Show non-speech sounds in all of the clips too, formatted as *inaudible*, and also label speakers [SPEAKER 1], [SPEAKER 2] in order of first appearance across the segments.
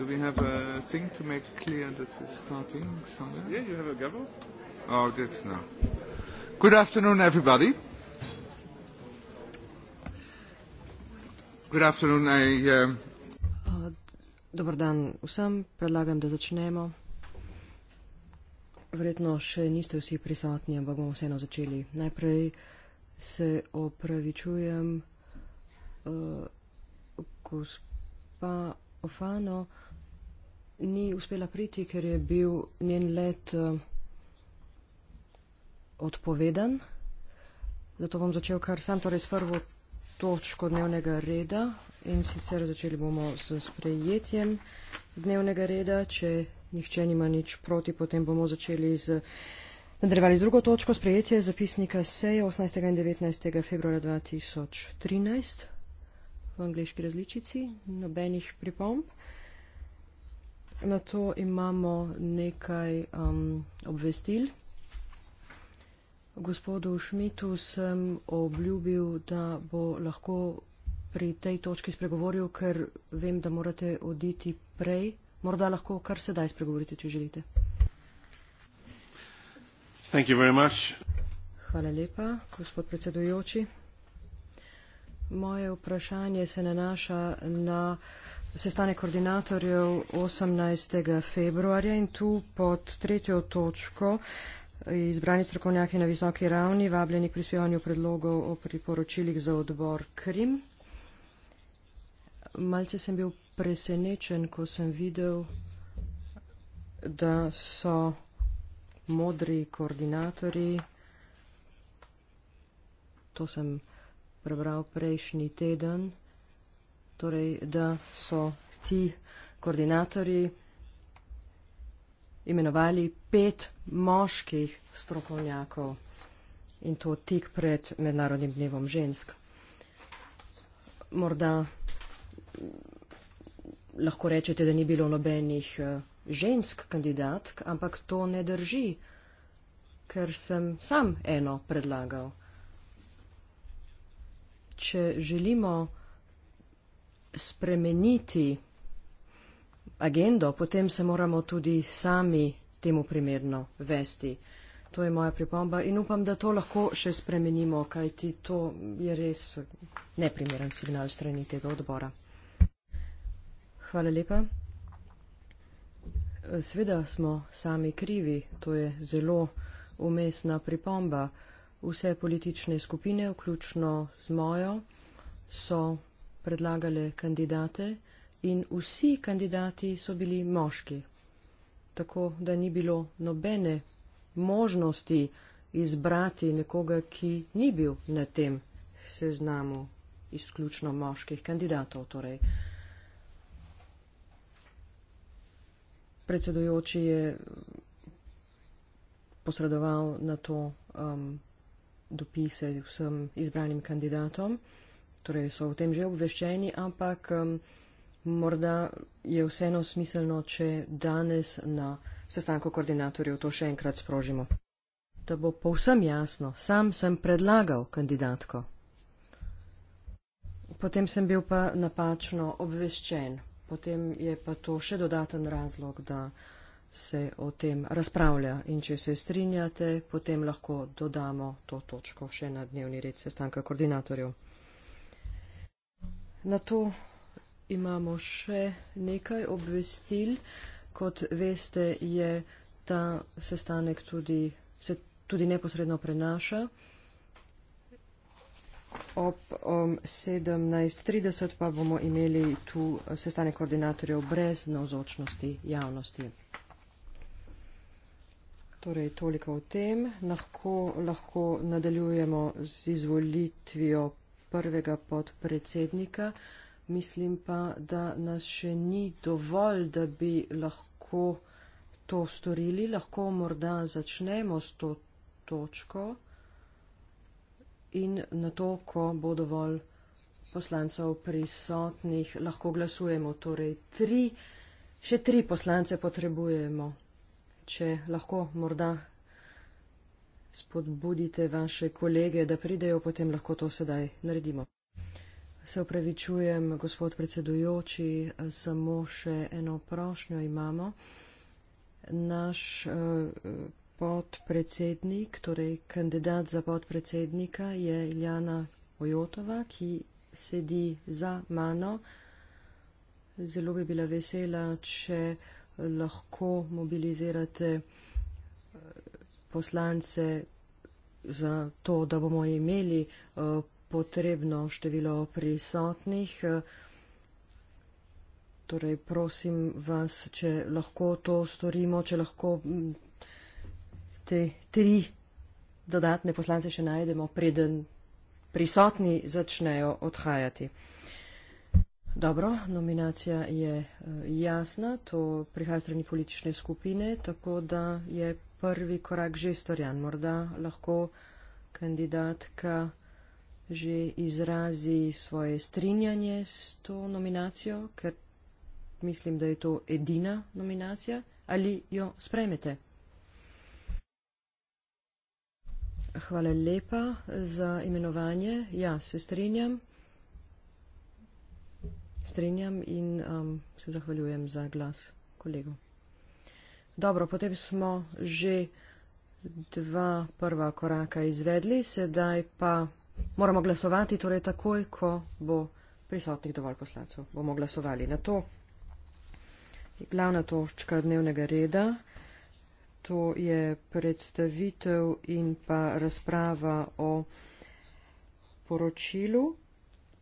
[SPEAKER 1] Do we have a
[SPEAKER 2] thing to make clear that we're starting somewhere?
[SPEAKER 1] Yeah, you have a gavel?
[SPEAKER 3] Oh, that's now. Good afternoon, everybody.
[SPEAKER 1] Good afternoon, I... Um, uh, Dobar dan vsem, predlagam, da začnemo. Verjetno še niste vsi prisotni, ampak bomo vseeno začeli. Najprej se opravičujem, uh, pa Ofano ni uspela priti, ker je bil njen let eh, odpovedan. Zato bom začel kar sam, torej s prvo točko dnevnega reda in sicer začeli bomo s sprejetjem dnevnega reda. Če nihče nima nič proti, potem bomo začeli z. Nadaljevali z drugo točko, sprejetje zapisnika seje 18. in 19. februarja 2013 v angliški različici, nobenih pripomb. Na to imamo nekaj um, obvestil. Gospodu Šmitu sem obljubil, da bo lahko pri tej točki spregovoril, ker vem, da morate oditi prej. Morda lahko kar sedaj spregovorite, če želite. Hvala lepa, gospod predsedujoči. Moje vprašanje se nanaša na sestanek koordinatorjev 18. februarja in tu pod tretjo točko izbrani strokovnjaki na visoki ravni, vabljeni k prispevanju predlogov o priporočilih za odbor Krim. Malce sem bil presenečen, ko sem videl, da so modri koordinatorji. To sem prebral prejšnji teden, torej, da so ti koordinatorji imenovali pet moških strokovnjakov in to tik pred Mednarodnim dnevom žensk. Morda lahko rečete, da ni bilo nobenih eh, žensk kandidatk, ampak to ne drži, ker sem sam eno predlagal če želimo spremeniti agendo, potem se moramo tudi sami temu primerno vesti. To je moja pripomba in upam, da to lahko še spremenimo, kajti to je res neprimeren signal strani tega odbora. Hvala lepa. Sveda smo sami krivi, to je zelo umestna pripomba vse politične skupine, vključno z mojo, so predlagale kandidate in vsi kandidati so bili moški. Tako da ni bilo nobene možnosti izbrati nekoga, ki ni bil na tem seznamu izključno moških kandidatov. Torej. Predsedujoči je posredoval na to um, dopise vsem izbranim kandidatom, torej so o tem že obveščeni, ampak um, morda je vseeno smiselno, če danes na sestanku koordinatorjev to še enkrat sprožimo. Da bo povsem jasno, sam sem predlagal kandidatko. Potem sem bil pa napačno obveščen. Potem je pa to še dodaten razlog, da se o tem razpravlja in če se strinjate, potem lahko dodamo to točko še na dnevni red sestanka koordinatorjev. Na to imamo še nekaj obvestil. Kot veste, je ta sestanek tudi, se tudi neposredno prenaša. Ob um, 17.30 pa bomo imeli tu sestanek koordinatorjev brez navzočnosti javnosti. Torej, toliko o tem. Lahko, lahko nadaljujemo z izvolitvijo prvega podpredsednika. Mislim pa, da nas še ni dovolj, da bi lahko to storili. Lahko morda začnemo s to točko in na to, ko bo dovolj poslancev prisotnih, lahko glasujemo. Torej, tri, še tri poslance potrebujemo če lahko morda spodbudite vaše kolege, da pridejo, potem lahko to sedaj naredimo. Se upravičujem, gospod predsedujoči, samo še eno prošnjo imamo. Naš eh, podpredsednik, torej kandidat za podpredsednika je Iljana Ojotova, ki sedi za mano. Zelo bi bila vesela, če uh, lahko mobilizirate eh, poslance za to, da bomo imeli eh, potrebno število prisotnih. Eh, torej, prosim vas, če lahko to storimo, če lahko mm, te tri dodatne poslance še najdemo, preden prisotni začnejo odhajati. Dobro, nominacija je eh, jasna, to prihaja strani politične skupine, tako da je prvi korak že storjan. Morda lahko kandidatka že izrazi svoje strinjanje s to nominacijo, ker mislim, da je to edina nominacija, ali jo spremete. Hvala lepa za imenovanje. Ja, se strinjam strinjam in um, se zahvaljujem za glas kolegu. Dobro, potem smo že dva prva koraka izvedli, sedaj pa moramo glasovati, torej takoj, ko bo prisotnih dovolj poslancev, bomo glasovali na to. Glavna točka dnevnega reda, to je predstavitev in pa razprava o poročilu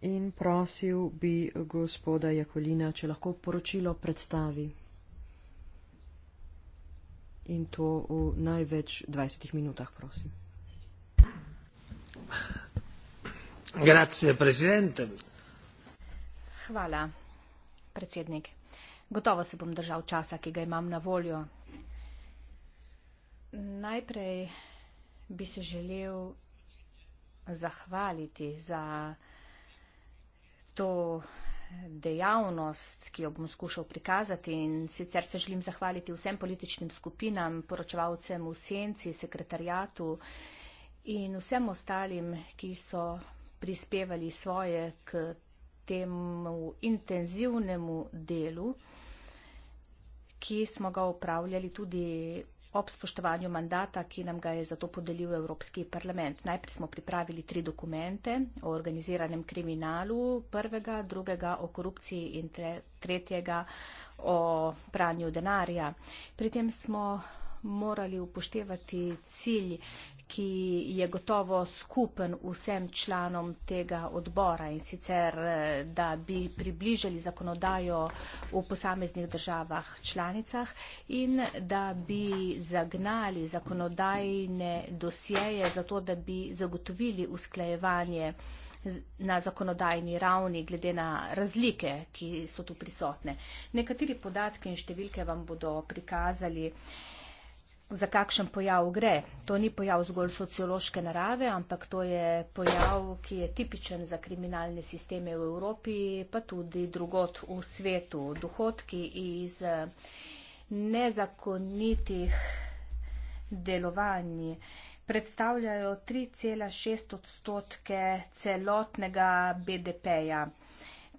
[SPEAKER 1] In prosil bi gospoda Jakolina, če lahko poročilo predstavi. In to v največ 20 minutah, prosim. Grazie,
[SPEAKER 2] presidente. Hvala, predsednik. Gotovo se bom držal časa, ki ga imam na voljo. Najprej bi se želel zahvaliti za to dejavnost, ki jo bom skušal prikazati in sicer se želim zahvaliti vsem političnim skupinam, poročevalcem v senci, sekretarijatu in vsem ostalim, ki so prispevali svoje k temu intenzivnemu delu, ki smo ga upravljali tudi ob spoštovanju mandata, ki nam ga je zato podelil Evropski parlament. Najprej smo pripravili tri dokumente o organiziranem kriminalu, prvega, drugega o korupciji in tre, tretjega o pranju denarja. Pri tem smo morali upoštevati cilj ki je gotovo skupen vsem članom tega odbora in sicer, eh, da bi približali zakonodajo v posameznih državah članicah in da bi zagnali zakonodajne dosjeje za to, da bi zagotovili usklajevanje na zakonodajni ravni, glede na razlike, ki so tu prisotne. Nekateri podatki in številke vam bodo prikazali. Uh, za kakšen pojav gre. To ni pojav zgolj sociološke narave, ampak to je pojav, ki je tipičen za kriminalne sisteme v Evropi, pa tudi drugot v svetu. Dohodki iz nezakonitih delovanj predstavljajo 3,6 odstotke celotnega BDP-ja.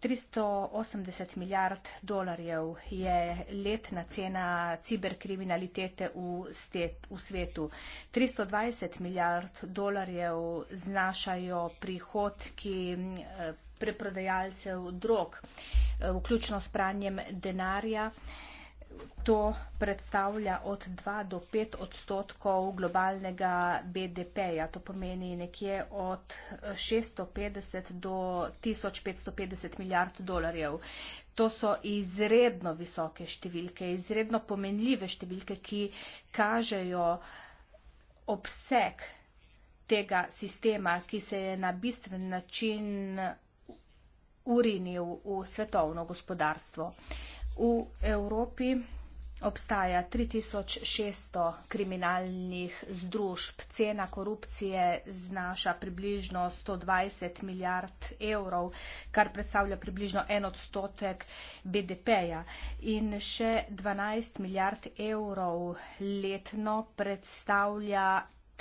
[SPEAKER 2] 380 milijard dolarjev je letna cena ciberkriminalitete v, stet, v svetu. 320 milijard dolarjev znašajo prihodki eh, preprodajalcev drog, eh, vključno s pranjem denarja. To predstavlja od 2 do 5 odstotkov globalnega BDP-ja, to pomeni nekje od 650 do 1550 milijard dolarjev. To so izredno visoke številke, izredno pomenljive številke, ki kažejo obseg tega sistema, ki se je na bistven način urinil v svetovno gospodarstvo. V Evropi obstaja 3600 kriminalnih združb. Cena korupcije znaša približno 120 milijard evrov, kar predstavlja približno en odstotek BDP-ja. In še 12 milijard evrov letno predstavlja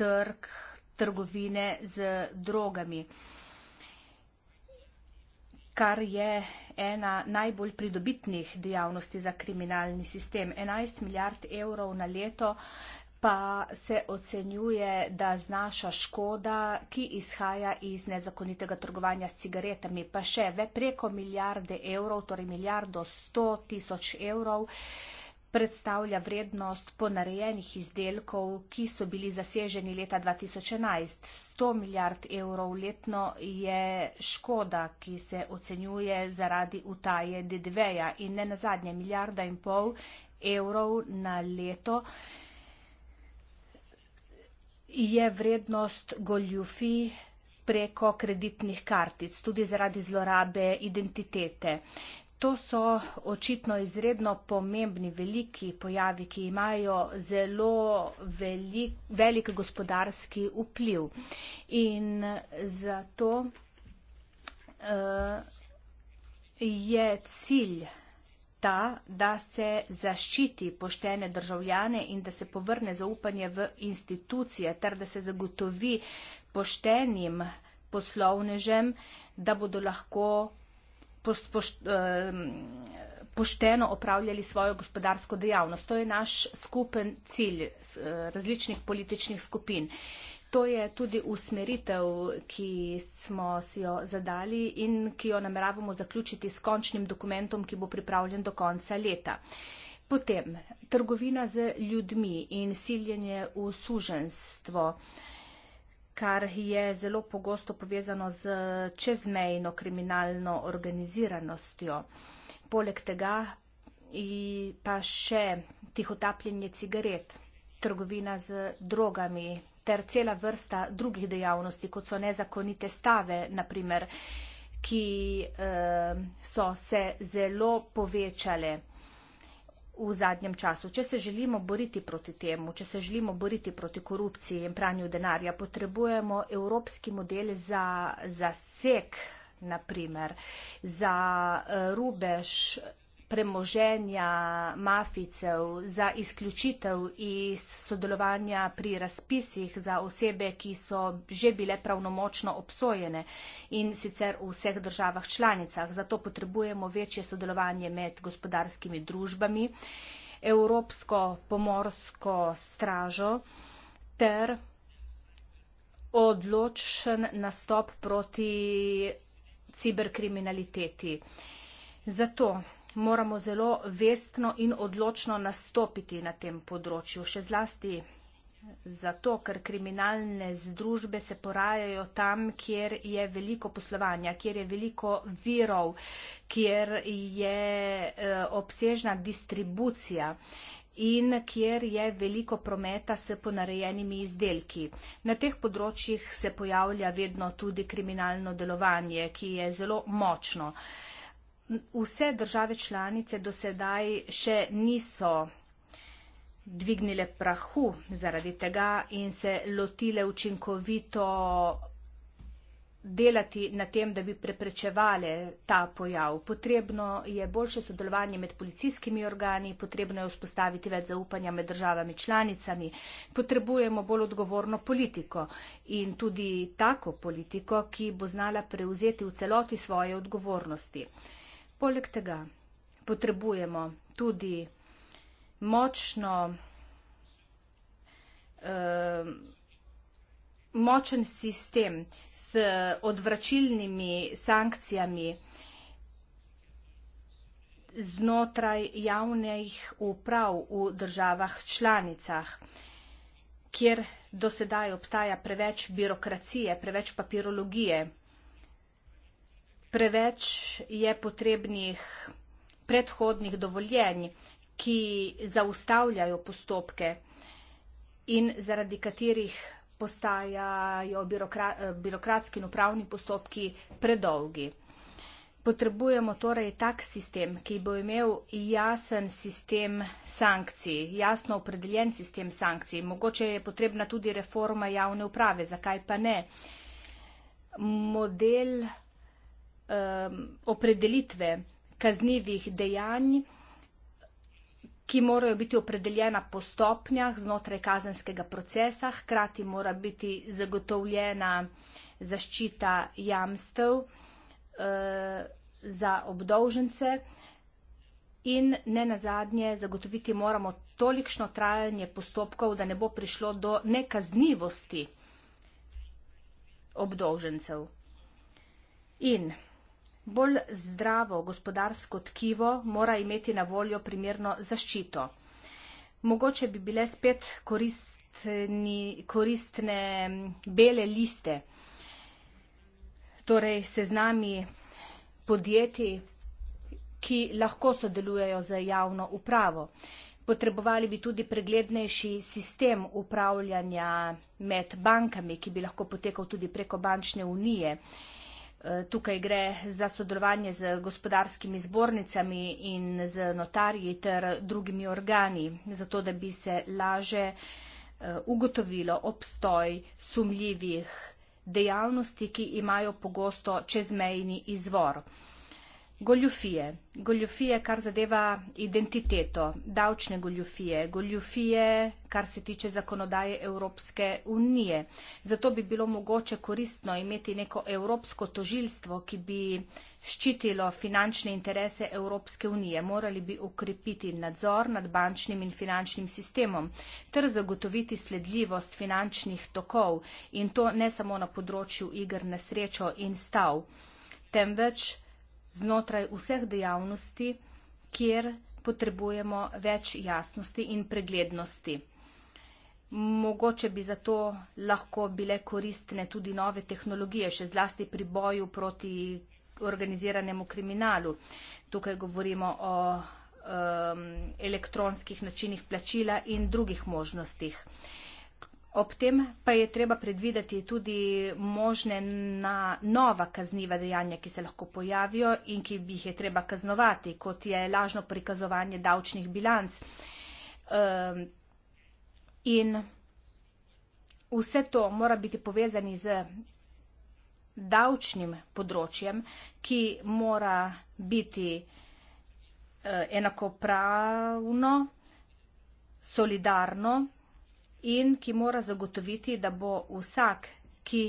[SPEAKER 2] trg trgovine z drogami kar je ena najbolj pridobitnih dejavnosti za kriminalni sistem. 11 milijard evrov na leto pa se ocenjuje, da znaša škoda, ki izhaja iz nezakonitega trgovanja s cigaretami, pa še preko milijarde evrov, torej milijardo sto tisoč evrov predstavlja vrednost ponarejenih izdelkov, ki so bili zaseženi leta 2011. 100 milijard evrov letno je škoda, ki se ocenjuje zaradi utaje DDV-ja in ne nazadnje milijarda in pol evrov na leto je vrednost goljufi preko kreditnih kartic, tudi zaradi zlorabe identitete. To so očitno izredno pomembni, veliki pojavi, ki imajo zelo velik, velik gospodarski vpliv. In zato uh, je cilj ta, da se zaščiti poštene državljane in da se povrne zaupanje v institucije ter da se zagotovi poštenim poslovnežem, da bodo lahko pošt, pošt, pošteno opravljali svojo gospodarsko dejavnost. To je naš skupen cilj eh, različnih političnih skupin. To je tudi usmeritev, ki smo si jo zadali in ki jo nameravamo zaključiti s končnim dokumentom, ki bo pripravljen do konca leta. Potem, trgovina z ljudmi in siljenje v suženstvo. Eh, kar je zelo pogosto povezano z čezmejno kriminalno organiziranostjo. Poleg tega pa še tihotapljenje cigaret, trgovina z drogami ter cela vrsta drugih dejavnosti, kot so nezakonite stave, naprimer, ki eh, so se zelo povečale v zadnjem času. Če se želimo boriti proti temu, če se želimo boriti proti korupciji in pranju denarja, potrebujemo evropski model za, za sek, naprimer, za eh, rubež premoženja maficev, za izključitev iz sodelovanja pri razpisih za osebe, ki so že bile pravnomočno obsojene in sicer v vseh državah članicah. Zato potrebujemo večje sodelovanje med gospodarskimi družbami, Evropsko pomorsko stražo ter odločen nastop proti ciberkriminaliteti. Zato moramo zelo vestno in odločno nastopiti na tem področju. Še zlasti zato, ker kriminalne združbe se porajajo tam, kjer je veliko poslovanja, kjer je veliko virov, kjer je eh, obsežna distribucija in kjer je veliko prometa s ponarejenimi izdelki. Na teh področjih se pojavlja vedno tudi kriminalno delovanje, ki je zelo močno vse države članice do sedaj še niso dvignile prahu zaradi tega in se lotile učinkovito delati na tem, da bi preprečevale ta pojav. Potrebno je boljše sodelovanje med policijskimi organi, potrebno je vzpostaviti več zaupanja med državami članicami, potrebujemo bolj odgovorno politiko in tudi tako politiko, ki bo znala prevzeti v celoti svoje odgovornosti. Poleg tega potrebujemo tudi močno, uh, močen sistem s odvračilnimi sankcijami znotraj javnih uprav v državah članicah, kjer dosedaj obstaja preveč birokracije, preveč papirologije preveč je potrebnih predhodnih dovoljenj, ki zaustavljajo postopke in zaradi katerih postajajo birokra birokratski in upravni postopki predolgi. Potrebujemo torej tak sistem, ki bo imel jasen sistem sankcij, jasno opredeljen sistem sankcij. Mogoče je potrebna tudi reforma javne uprave, zakaj pa ne. Model um, opredelitve kaznjivih dejanj, ki morajo biti opredeljena po stopnjah znotraj kazenskega procesa, hkrati mora biti zagotovljena zaščita jamstev uh, za obdolžence. In ne nazadnje, zagotoviti moramo tolikšno trajanje postopkov, da ne bo prišlo do nekaznivosti obdolžencev. In Bolj zdravo gospodarsko tkivo mora imeti na voljo primerno zaščito. Mogoče bi bile spet koristni, koristne bele liste, torej seznami podjetij, ki lahko sodelujejo z javno upravo. Potrebovali bi tudi preglednejši sistem upravljanja med bankami, ki bi lahko potekal tudi preko bančne unije. Tukaj gre za sodelovanje z gospodarskimi zbornicami in z notarji ter drugimi organi, zato da bi se laže eh, ugotovilo obstoj sumljivih dejavnosti, ki imajo pogosto čezmejni izvor goljufije, goljufije, kar zadeva identiteto, davčne goljufije, goljufije, kar se tiče zakonodaje Evropske unije. Zato bi bilo mogoče koristno imeti neko evropsko tožilstvo, ki bi ščitilo finančne interese Evropske unije. Morali bi ukrepiti nadzor nad bančnim in finančnim sistemom ter zagotoviti sledljivost finančnih tokov in to ne samo na področju igr na srečo in stav, temveč znotraj vseh dejavnosti, kjer potrebujemo več jasnosti in preglednosti. Mogoče bi zato lahko bile koristne tudi nove tehnologije, še zlasti pri boju proti organiziranemu kriminalu. Tukaj govorimo o um, elektronskih načinih plačila in drugih možnostih. Ob tem pa je treba predvideti tudi možne na nova kazniva dejanja, ki se lahko pojavijo in ki bi jih je treba kaznovati, kot je lažno prikazovanje davčnih bilanc. Um, in vse to mora biti povezani z davčnim področjem, ki mora biti uh, enakopravno, solidarno, in ki mora zagotoviti, da bo vsak, ki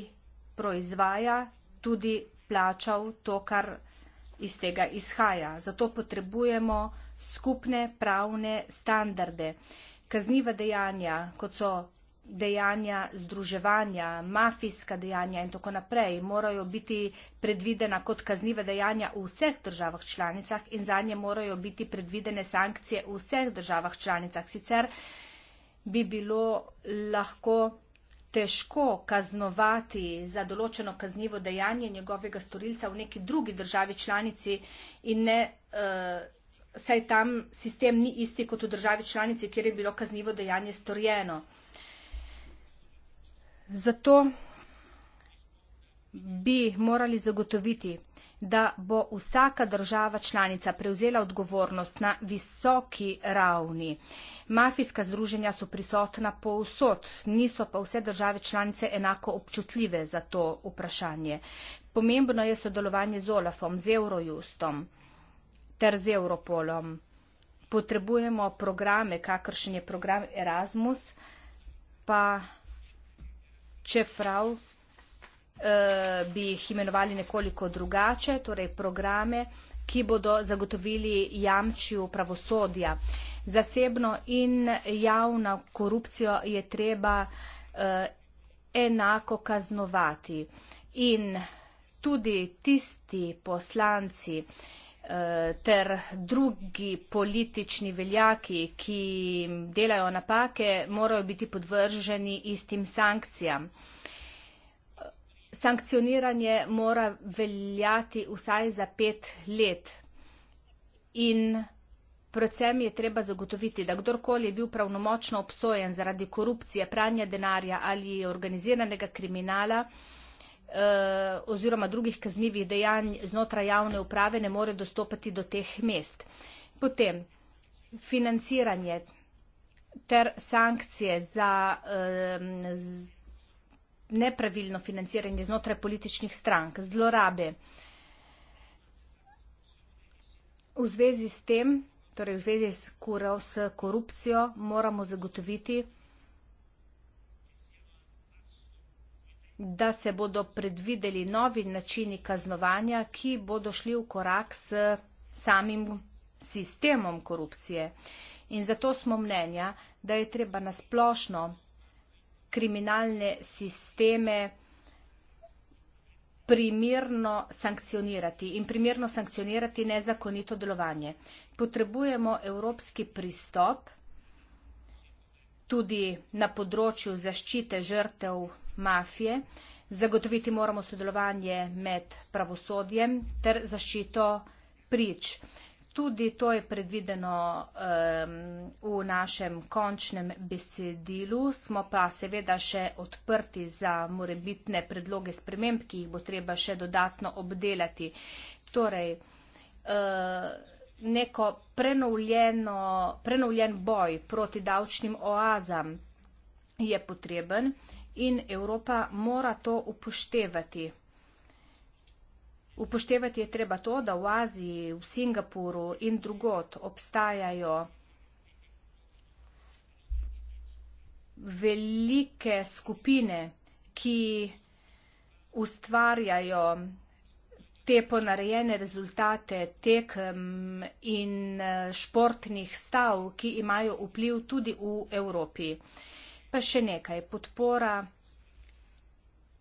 [SPEAKER 2] proizvaja, tudi plačal to, kar iz tega izhaja. Zato potrebujemo skupne pravne standarde. Kazniva dejanja, kot so dejanja združevanja, mafijska dejanja in tako naprej, morajo biti predvidena kot kazniva dejanja v vseh državah članicah in za nje morajo biti predvidene sankcije v vseh državah članicah. Sicer bi bilo lahko težko kaznovati za določeno kaznivo dejanje njegovega storilca v neki drugi državi članici in ne, uh, saj tam sistem ni isti kot v državi članici, kjer je bilo kaznivo dejanje storjeno. Zato bi morali zagotoviti, da bo vsaka država članica prevzela odgovornost na visoki ravni. Mafijska združenja so prisotna po vsot, niso pa vse države članice enako občutljive za to vprašanje. Pomembno je sodelovanje z Olafom, z Eurojustom ter z Europolom. Potrebujemo programe, kakršen je program Erasmus, pa čeprav Eh, bi jih imenovali nekoliko drugače, torej programe, ki bodo zagotovili jamčju pravosodja. Zasebno in javno korupcijo je treba eh, enako kaznovati. In tudi tisti poslanci eh, ter drugi politični veljaki, ki delajo napake, morajo biti podvrženi istim sankcijam sankcioniranje mora veljati vsaj za pet let. In predvsem je treba zagotoviti, da kdorkoli je bil pravnomočno obsojen zaradi korupcije, pranja denarja ali organiziranega kriminala eh, oziroma drugih kaznjivih dejanj znotraj javne uprave, ne more dostopati do teh mest. Potem financiranje ter sankcije za. Eh, z, nepravilno financiranje znotraj političnih strank, zlorabe. V zvezi s tem, torej v zvezi s, kor s korupcijo, moramo zagotoviti, da se bodo predvideli novi načini kaznovanja, ki bodo šli v korak s samim sistemom korupcije. In zato smo mnenja, da je treba nasplošno kriminalne sisteme primirno sankcionirati in primirno sankcionirati nezakonito delovanje. Potrebujemo evropski pristop tudi na področju zaščite žrtev mafije. Zagotoviti moramo sodelovanje med pravosodjem ter zaščito prič tudi to je predvideno um, v našem končnem besedilu, smo pa seveda še odprti za morebitne predloge sprememb, ki jih bo treba še dodatno obdelati. Torej, uh, neko prenovljeno, prenovljen boj proti davčnim oazam je potreben in Evropa mora to upoštevati. Upoštevati je treba to, da v Aziji, v Singapuru in drugod obstajajo velike skupine, ki ustvarjajo te ponarejene rezultate tekem in eh, športnih stav, ki imajo vpliv tudi v Evropi. Pa še nekaj, podpora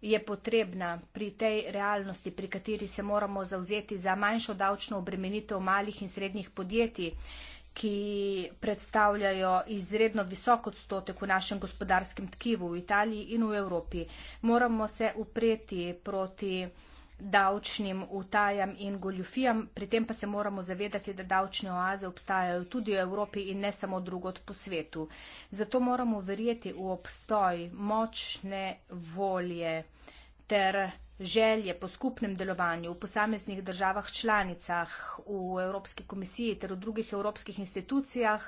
[SPEAKER 2] je potrebna pri tej realnosti, pri kateri se moramo zauzeti za manjšo davčno obremenitev malih in srednjih podjetij, ki predstavljajo izredno visok odstotek v našem gospodarskem tkivu v Italiji in v Evropi. Moramo se upreti proti davčnim utajam in goljufijam, pri tem pa se moramo zavedati, da davčne oaze obstajajo tudi v Evropi in ne samo drugot po svetu. Zato moramo verjeti v obstoj močne volje ter želje po skupnem delovanju v posameznih državah članicah, v Evropski komisiji ter v drugih evropskih institucijah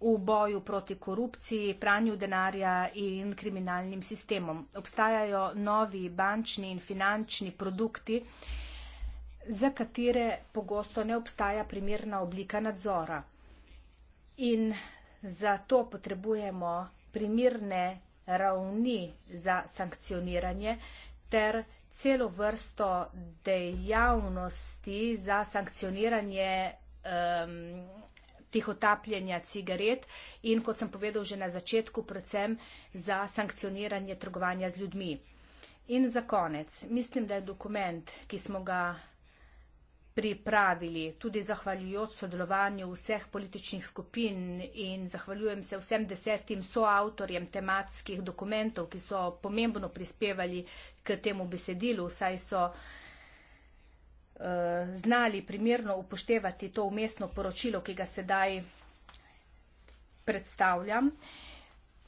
[SPEAKER 2] v boju proti korupciji, pranju denarja in kriminalnim sistemom. Obstajajo novi bančni in finančni produkti, za katere pogosto ne obstaja primerna oblika nadzora. In zato potrebujemo primirne ravni za sankcioniranje ter celo vrsto dejavnosti za sankcioniranje um, tih otapljanja cigaret in, kot sem povedal že na začetku, predvsem za sankcioniranje trgovanja z ljudmi. In za konec, mislim, da je dokument, ki smo ga pripravili, tudi zahvaljujoč sodelovanju vseh političnih skupin in zahvaljujem se vsem desetim soavtorjem tematskih dokumentov, ki so pomembno prispevali k temu besedilu, saj so eh, znali primerno upoštevati to umestno poročilo, ki ga sedaj predstavljam.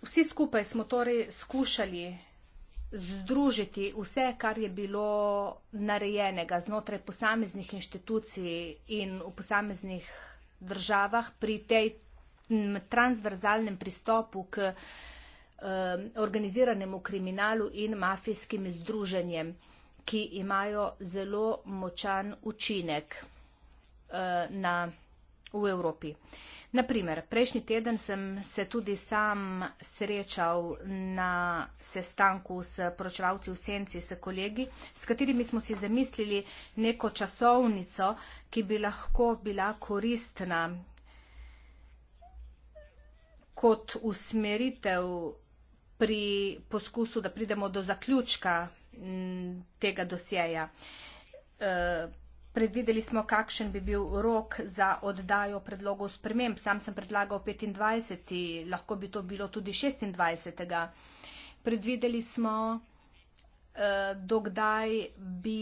[SPEAKER 2] Vsi skupaj smo torej skušali združiti vse, kar je bilo narejenega znotraj posameznih inštitucij in v posameznih državah pri tej transverzalnem pristopu k um, organiziranemu kriminalu in mafijskim združenjem, ki imajo zelo močan učinek uh, na v Evropi. Naprimer, prejšnji teden sem se tudi sam srečal na sestanku s poročevalci v Senci, s kolegi, s katerimi smo si zamislili neko časovnico, ki bi lahko bila koristna kot usmeritev pri poskusu, da pridemo do zaključka tega dosjeja. E, Predvideli smo, kakšen bi bil rok za oddajo predlogov sprememb. Sam sem predlagal 25, lahko bi to bilo tudi 26. Predvideli smo, eh, dokdaj bi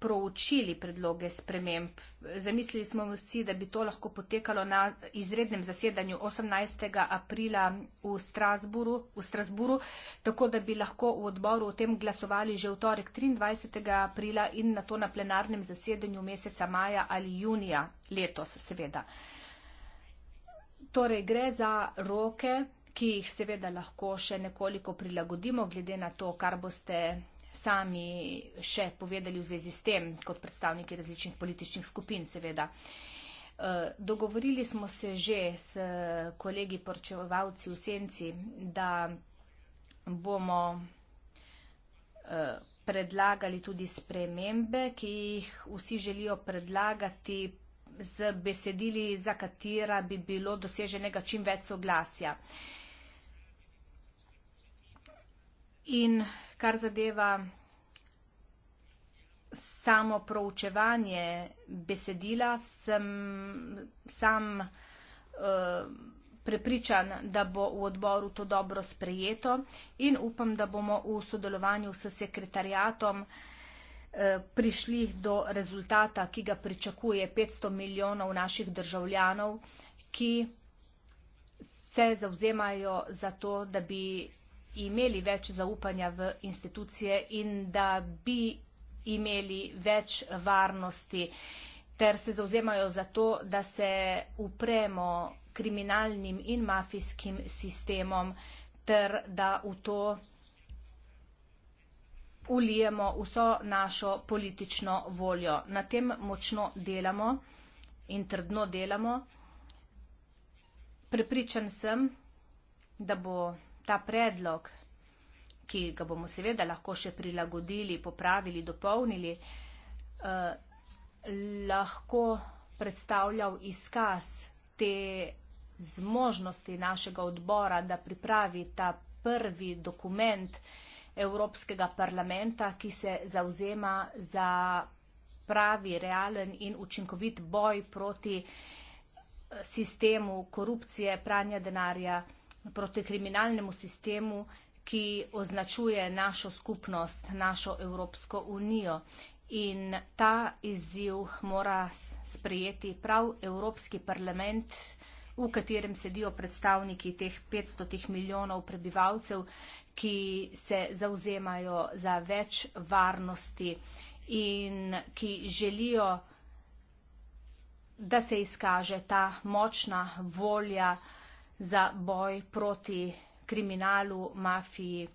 [SPEAKER 2] proučili predloge sprememb. Zamislili smo vsi, da bi to lahko potekalo na izrednem zasedanju 18. aprila v Strasburu, v Strasburu, tako da bi lahko v odboru o tem glasovali že v torek 23. aprila in na to na plenarnem zasedanju meseca maja ali junija letos, seveda. Torej, gre za roke, ki jih seveda lahko še nekoliko prilagodimo, glede na to, kar boste sami še povedali v zvezi s tem, kot predstavniki različnih političnih skupin, seveda. Eh, dogovorili smo se že s kolegi poročevalci v Senci, da bomo eh, predlagali tudi spremembe, ki jih vsi želijo predlagati z besedili, za katera bi bilo doseženega čim več soglasja. In kar zadeva samo proučevanje besedila, sem sam uh, prepričan, da bo v odboru to dobro sprejeto in upam, da bomo v sodelovanju s sekretarjatom eh, prišli do rezultata, ki ga pričakuje 500 milijonov naših državljanov, ki se zauzemajo za to, da bi imeli več zaupanja v institucije in da bi imeli več varnosti ter se zauzemajo za to, da se upremo kriminalnim in mafijskim sistemom ter da v to ulijemo vso našo politično voljo. Na tem močno delamo in trdno delamo. Prepričan sem, da bo ta predlog, ki ga bomo seveda lahko še prilagodili, popravili, dopolnili, eh, lahko predstavljal izkaz te zmožnosti našega odbora, da pripravi ta prvi dokument Evropskega parlamenta, ki se zauzema za pravi, realen in učinkovit boj proti eh, sistemu korupcije, pranja denarja proti kriminalnemu sistemu, ki označuje našo skupnost, našo Evropsko unijo. In ta izziv mora sprejeti prav Evropski parlament, v katerem sedijo predstavniki teh 500 milijonov prebivalcev, ki se zauzemajo za več varnosti in ki želijo, da se izkaže ta močna volja, za boj proti kriminalu, mafiji,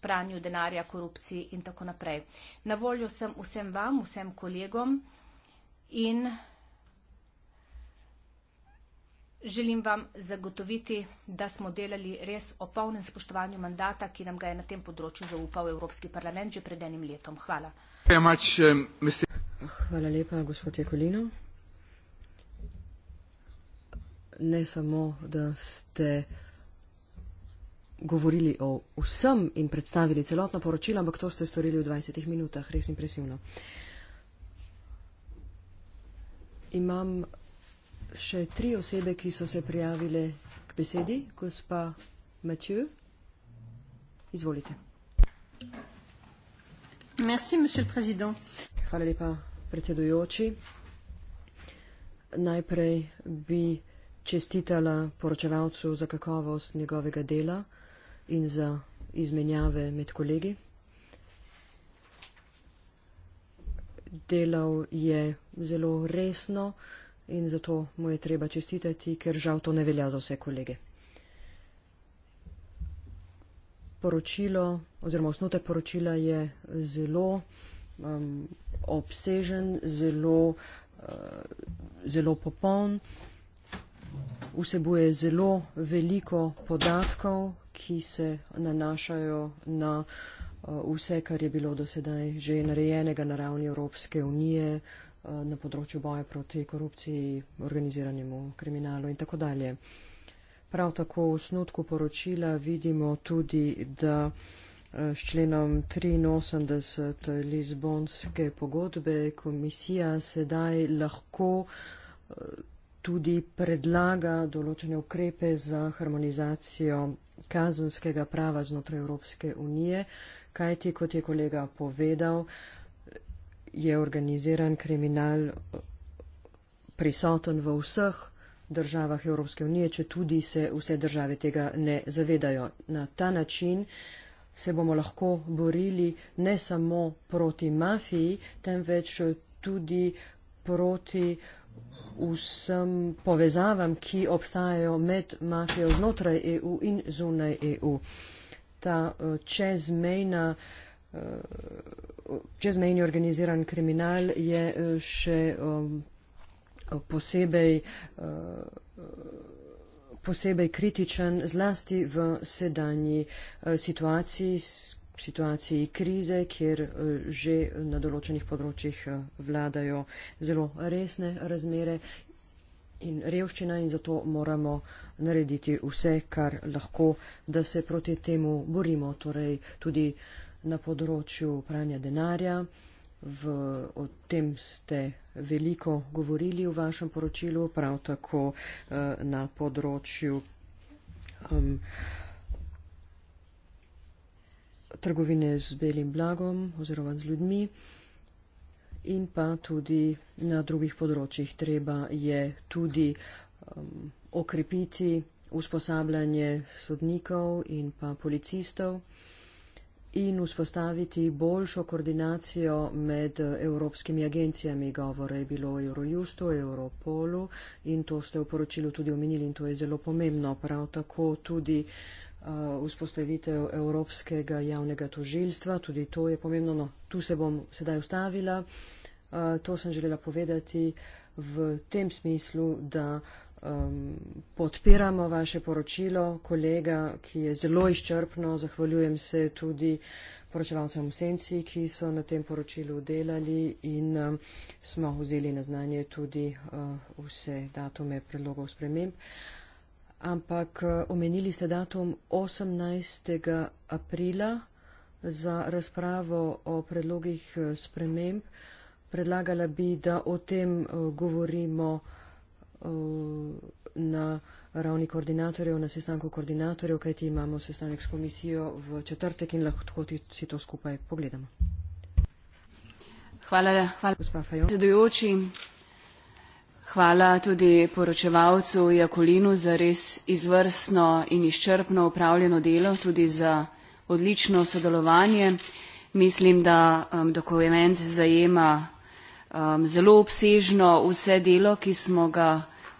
[SPEAKER 2] pranju denarja, korupciji in tako naprej. Na voljo sem vsem vam, vsem kolegom in želim vam zagotoviti, da smo delali res o polnem spoštovanju mandata, ki nam ga je na tem področju zaupal Evropski parlament že pred enim letom. Hvala.
[SPEAKER 1] Um, Hvala lepa, gospod Jekolinov ne samo, da ste govorili o vsem in predstavili celotno poročilo, ampak to ste storili v 20 minutah. Res impresivno. Imam še tri osebe, ki so se prijavile k besedi. Gospa Mathieu, izvolite. Merci, Hvala lepa, predsedujoči. Najprej bi čestitala poročevalcu za kakovost njegovega dela in za izmenjave med kolegi. Delal je zelo resno in zato mu je treba čestitati, ker žal to ne velja za vse kolege. Poročilo oziroma osnutek poročila je zelo um, obsežen, zelo, uh, zelo popoln vsebuje zelo veliko podatkov, ki se nanašajo na eh, vse, kar je bilo dosedaj že narejenega na ravni Evropske unije eh, na področju boja proti korupciji, organiziranemu kriminalu in tako dalje. Prav tako v snutku poročila vidimo tudi, da eh, s členom 83 Lizbonske pogodbe komisija sedaj lahko tudi predlaga določene ukrepe za harmonizacijo kazenskega prava znotraj Evropske unije, kajti, kot je kolega povedal, je organiziran kriminal eh, prisoten v vseh državah Evropske unije, če tudi se vse države tega ne zavedajo. Na ta način se bomo lahko borili ne samo proti mafiji, temveč tudi proti uh, vsem povezavam, ki obstajajo med mafijo znotraj EU in zunaj EU. Ta eh, čezmejna, eh, čezmejni organiziran kriminal je eh, še posebej, posebej kritičen zlasti v sedanji situaciji, situaciji krize, kjer eh, že na določenih področjih eh, vladajo zelo resne razmere in revščina in zato moramo narediti vse, kar lahko, da se proti temu borimo, torej tudi na področju pranja denarja. V, o tem ste veliko govorili v vašem poročilu, prav tako uh, na področju um, uh, trgovine z belim blagom oziroma z ljudmi in pa tudi na drugih področjih. Treba je tudi um, okrepiti usposabljanje sodnikov in pa policistov in vzpostaviti boljšo koordinacijo med eh, evropskimi agencijami. Govore je bilo o Eurojustu, Europolu in to ste v poročilu tudi omenili in to je zelo pomembno. Prav tako tudi uh, Eh, vzpostavitev Evropskega javnega tožilstva. Tudi to je pomembno. No, tu se bom sedaj ustavila. Eh, to sem želela povedati v tem smislu, da um, podpiramo vaše poročilo, kolega, ki je zelo izčrpno. Zahvaljujem se tudi poročevalcem v Senci, ki so na tem poročilu delali in um, smo vzeli na znanje tudi uh, vse datume predlogov sprememb. Uh, ampak eh, omenili ste datum 18. aprila za razpravo o predlogih eh, sprememb. Predlagala bi, da o tem eh, govorimo na ravni koordinatorjev, na sestanku koordinatorjev, kajti imamo sestanek s komisijo v četrtek in lahko si to skupaj pogledamo. Hvala, hvala, gospa Fajon.
[SPEAKER 4] Hvala tudi poročevalcu Jakolinu za res izvrstno in izčrpno upravljeno delo, tudi za odlično sodelovanje. Mislim, da um, dokument zajema um, zelo obsežno vse delo, ki smo ga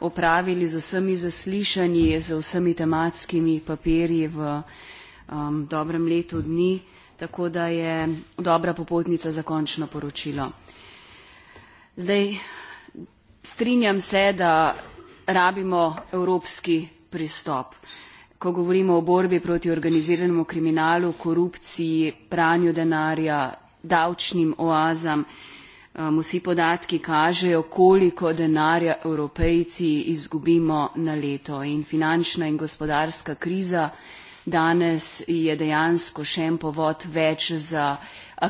[SPEAKER 4] opravili z vsemi zaslišanji, z vsemi tematskimi papirji v um, dobrem letu dni, tako da je dobra popotnica za končno poročilo. Zdaj, strinjam se da rabimo evropski pristop ko govorimo o borbi proti organiziranemu kriminalu korupciji pranju denarja davčnim oazam um, vsi podatki kažejo koliko denarja evropejci izgubimo na leto in finančna in gospodarska kriza danes je dejansko še en povod več za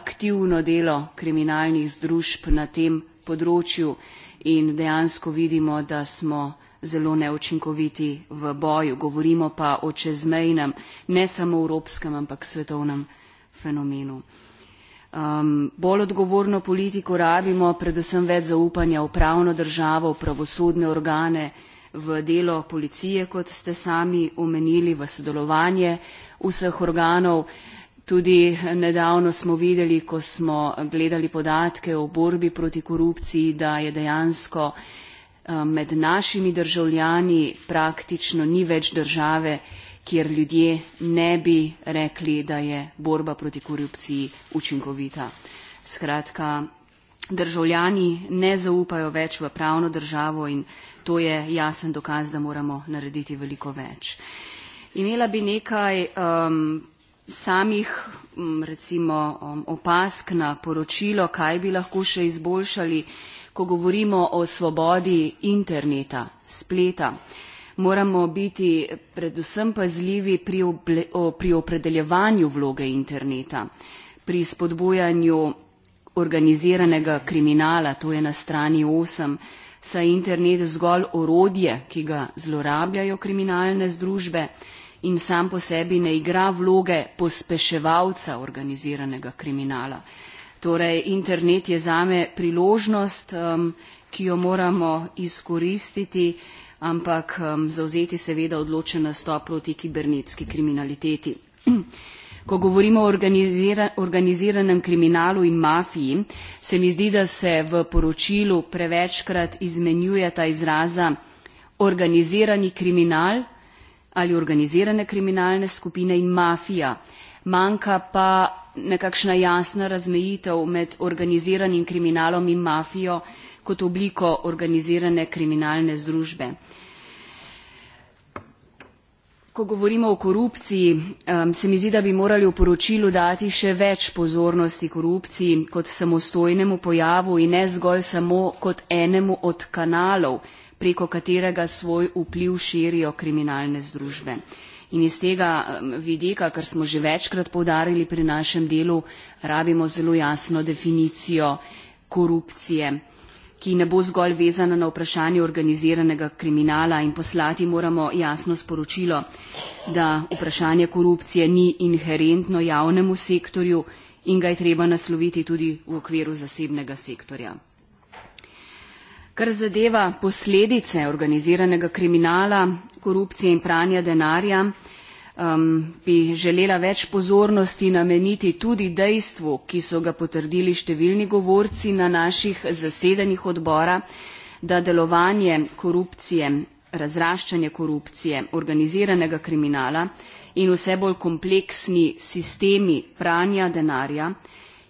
[SPEAKER 4] aktivno delo kriminalnih združb na tem področju in dejansko vidimo, da smo zelo neučinkoviti v boju. Govorimo pa o čezmejnem, ne samo evropskem, ampak svetovnem fenomenu. Um, bolj odgovorno politiko rabimo, predvsem več zaupanja v pravno državo, v pravosodne organe, v delo policije, kot ste sami omenili, v sodelovanje vseh organov. Uh, Tudi nedavno smo videli, ko smo gledali podatke o borbi proti korupciji, da je dejansko eh, med našimi državljani praktično ni več države, kjer ljudje ne bi rekli, da je borba proti korupciji učinkovita. Skratka, državljani ne zaupajo več v pravno državo in to je jasen dokaz, da moramo narediti veliko več. Imela bi nekaj um, samih mm, recimo mm, opask na poročilo, kaj bi lahko še izboljšali, ko govorimo o svobodi interneta, spleta. Moramo biti predvsem pazljivi pri, oble, pri opredeljevanju vloge interneta, pri spodbujanju organiziranega kriminala, to je na strani 8, saj internet je zgolj orodje, ki ga zlorabljajo kriminalne združbe, in sam po sebi ne igra vloge pospeševalca organiziranega kriminala. Torej, internet je zame priložnost, um, ki jo moramo izkoristiti, ampak um, zauzeti seveda odločen nastop proti kibernetski kriminaliteti. *clears throat* Ko govorimo o organizira, organiziranem kriminalu in mafiji, se mi zdi, da se v poročilu prevečkrat izmenjuje ta izraza organizirani kriminal ali organizirane kriminalne skupine in mafija. Manjka pa nekakšna jasna razmejitev med organiziranim kriminalom in mafijo kot obliko organizirane kriminalne združbe. Ko govorimo o korupciji, se mi zdi, da bi morali v poročilu dati še več pozornosti korupciji kot samostojnemu pojavu in ne zgolj samo kot enemu od kanalov preko katerega svoj vpliv širijo kriminalne združbe. In iz tega um, vidika, kar smo že večkrat povdarili pri našem delu, rabimo zelo jasno definicijo korupcije, ki ne bo zgolj vezana na vprašanje organiziranega kriminala in poslati moramo jasno sporočilo, da vprašanje korupcije ni inherentno javnemu sektorju in ga je treba nasloviti tudi v okviru zasebnega sektorja. Kar zadeva posledice organiziranega kriminala, korupcije in pranja denarja, um, bi želela več pozornosti nameniti tudi dejstvu, ki so ga potrdili številni govorci na naših zasedanjih odbora, da delovanje korupcije, razraščanje korupcije, organiziranega kriminala in vse bolj kompleksni sistemi pranja denarja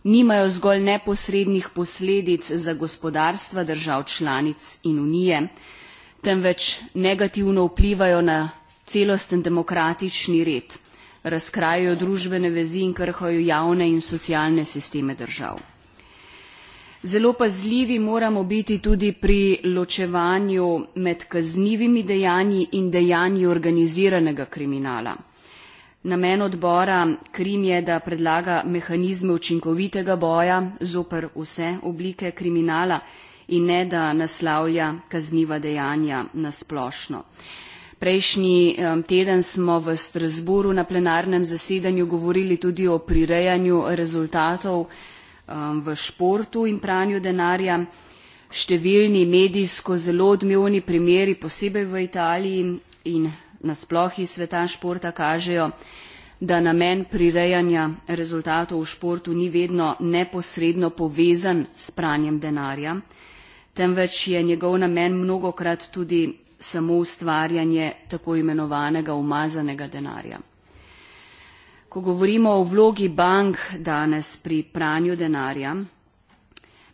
[SPEAKER 4] nimajo zgolj neposrednih posledic za gospodarstva držav članic in unije, temveč negativno vplivajo na celosten demokratični red, razkrajajo družbene vezi in krhajo javne in socialne sisteme držav. Zelo pazljivi moramo biti tudi pri ločevanju med kaznivimi dejanji in dejanji organiziranega kriminala. Namen odbora Krim je, da predlaga mehanizme učinkovitega boja zoper vse oblike kriminala in ne da naslavlja kazniva dejanja na splošno. Prejšnji teden smo v Strasburu na plenarnem zasedanju govorili tudi o prirejanju rezultatov v športu in pranju denarja. Številni medijsko zelo odmevni primeri, posebej v Italiji in nasploh iz sveta športa kažejo, da namen prirejanja rezultatov v športu ni vedno neposredno povezan s pranjem denarja, temveč je njegov namen mnogokrat tudi samo ustvarjanje tako imenovanega umazanega denarja. Ko govorimo o vlogi bank danes pri pranju denarja,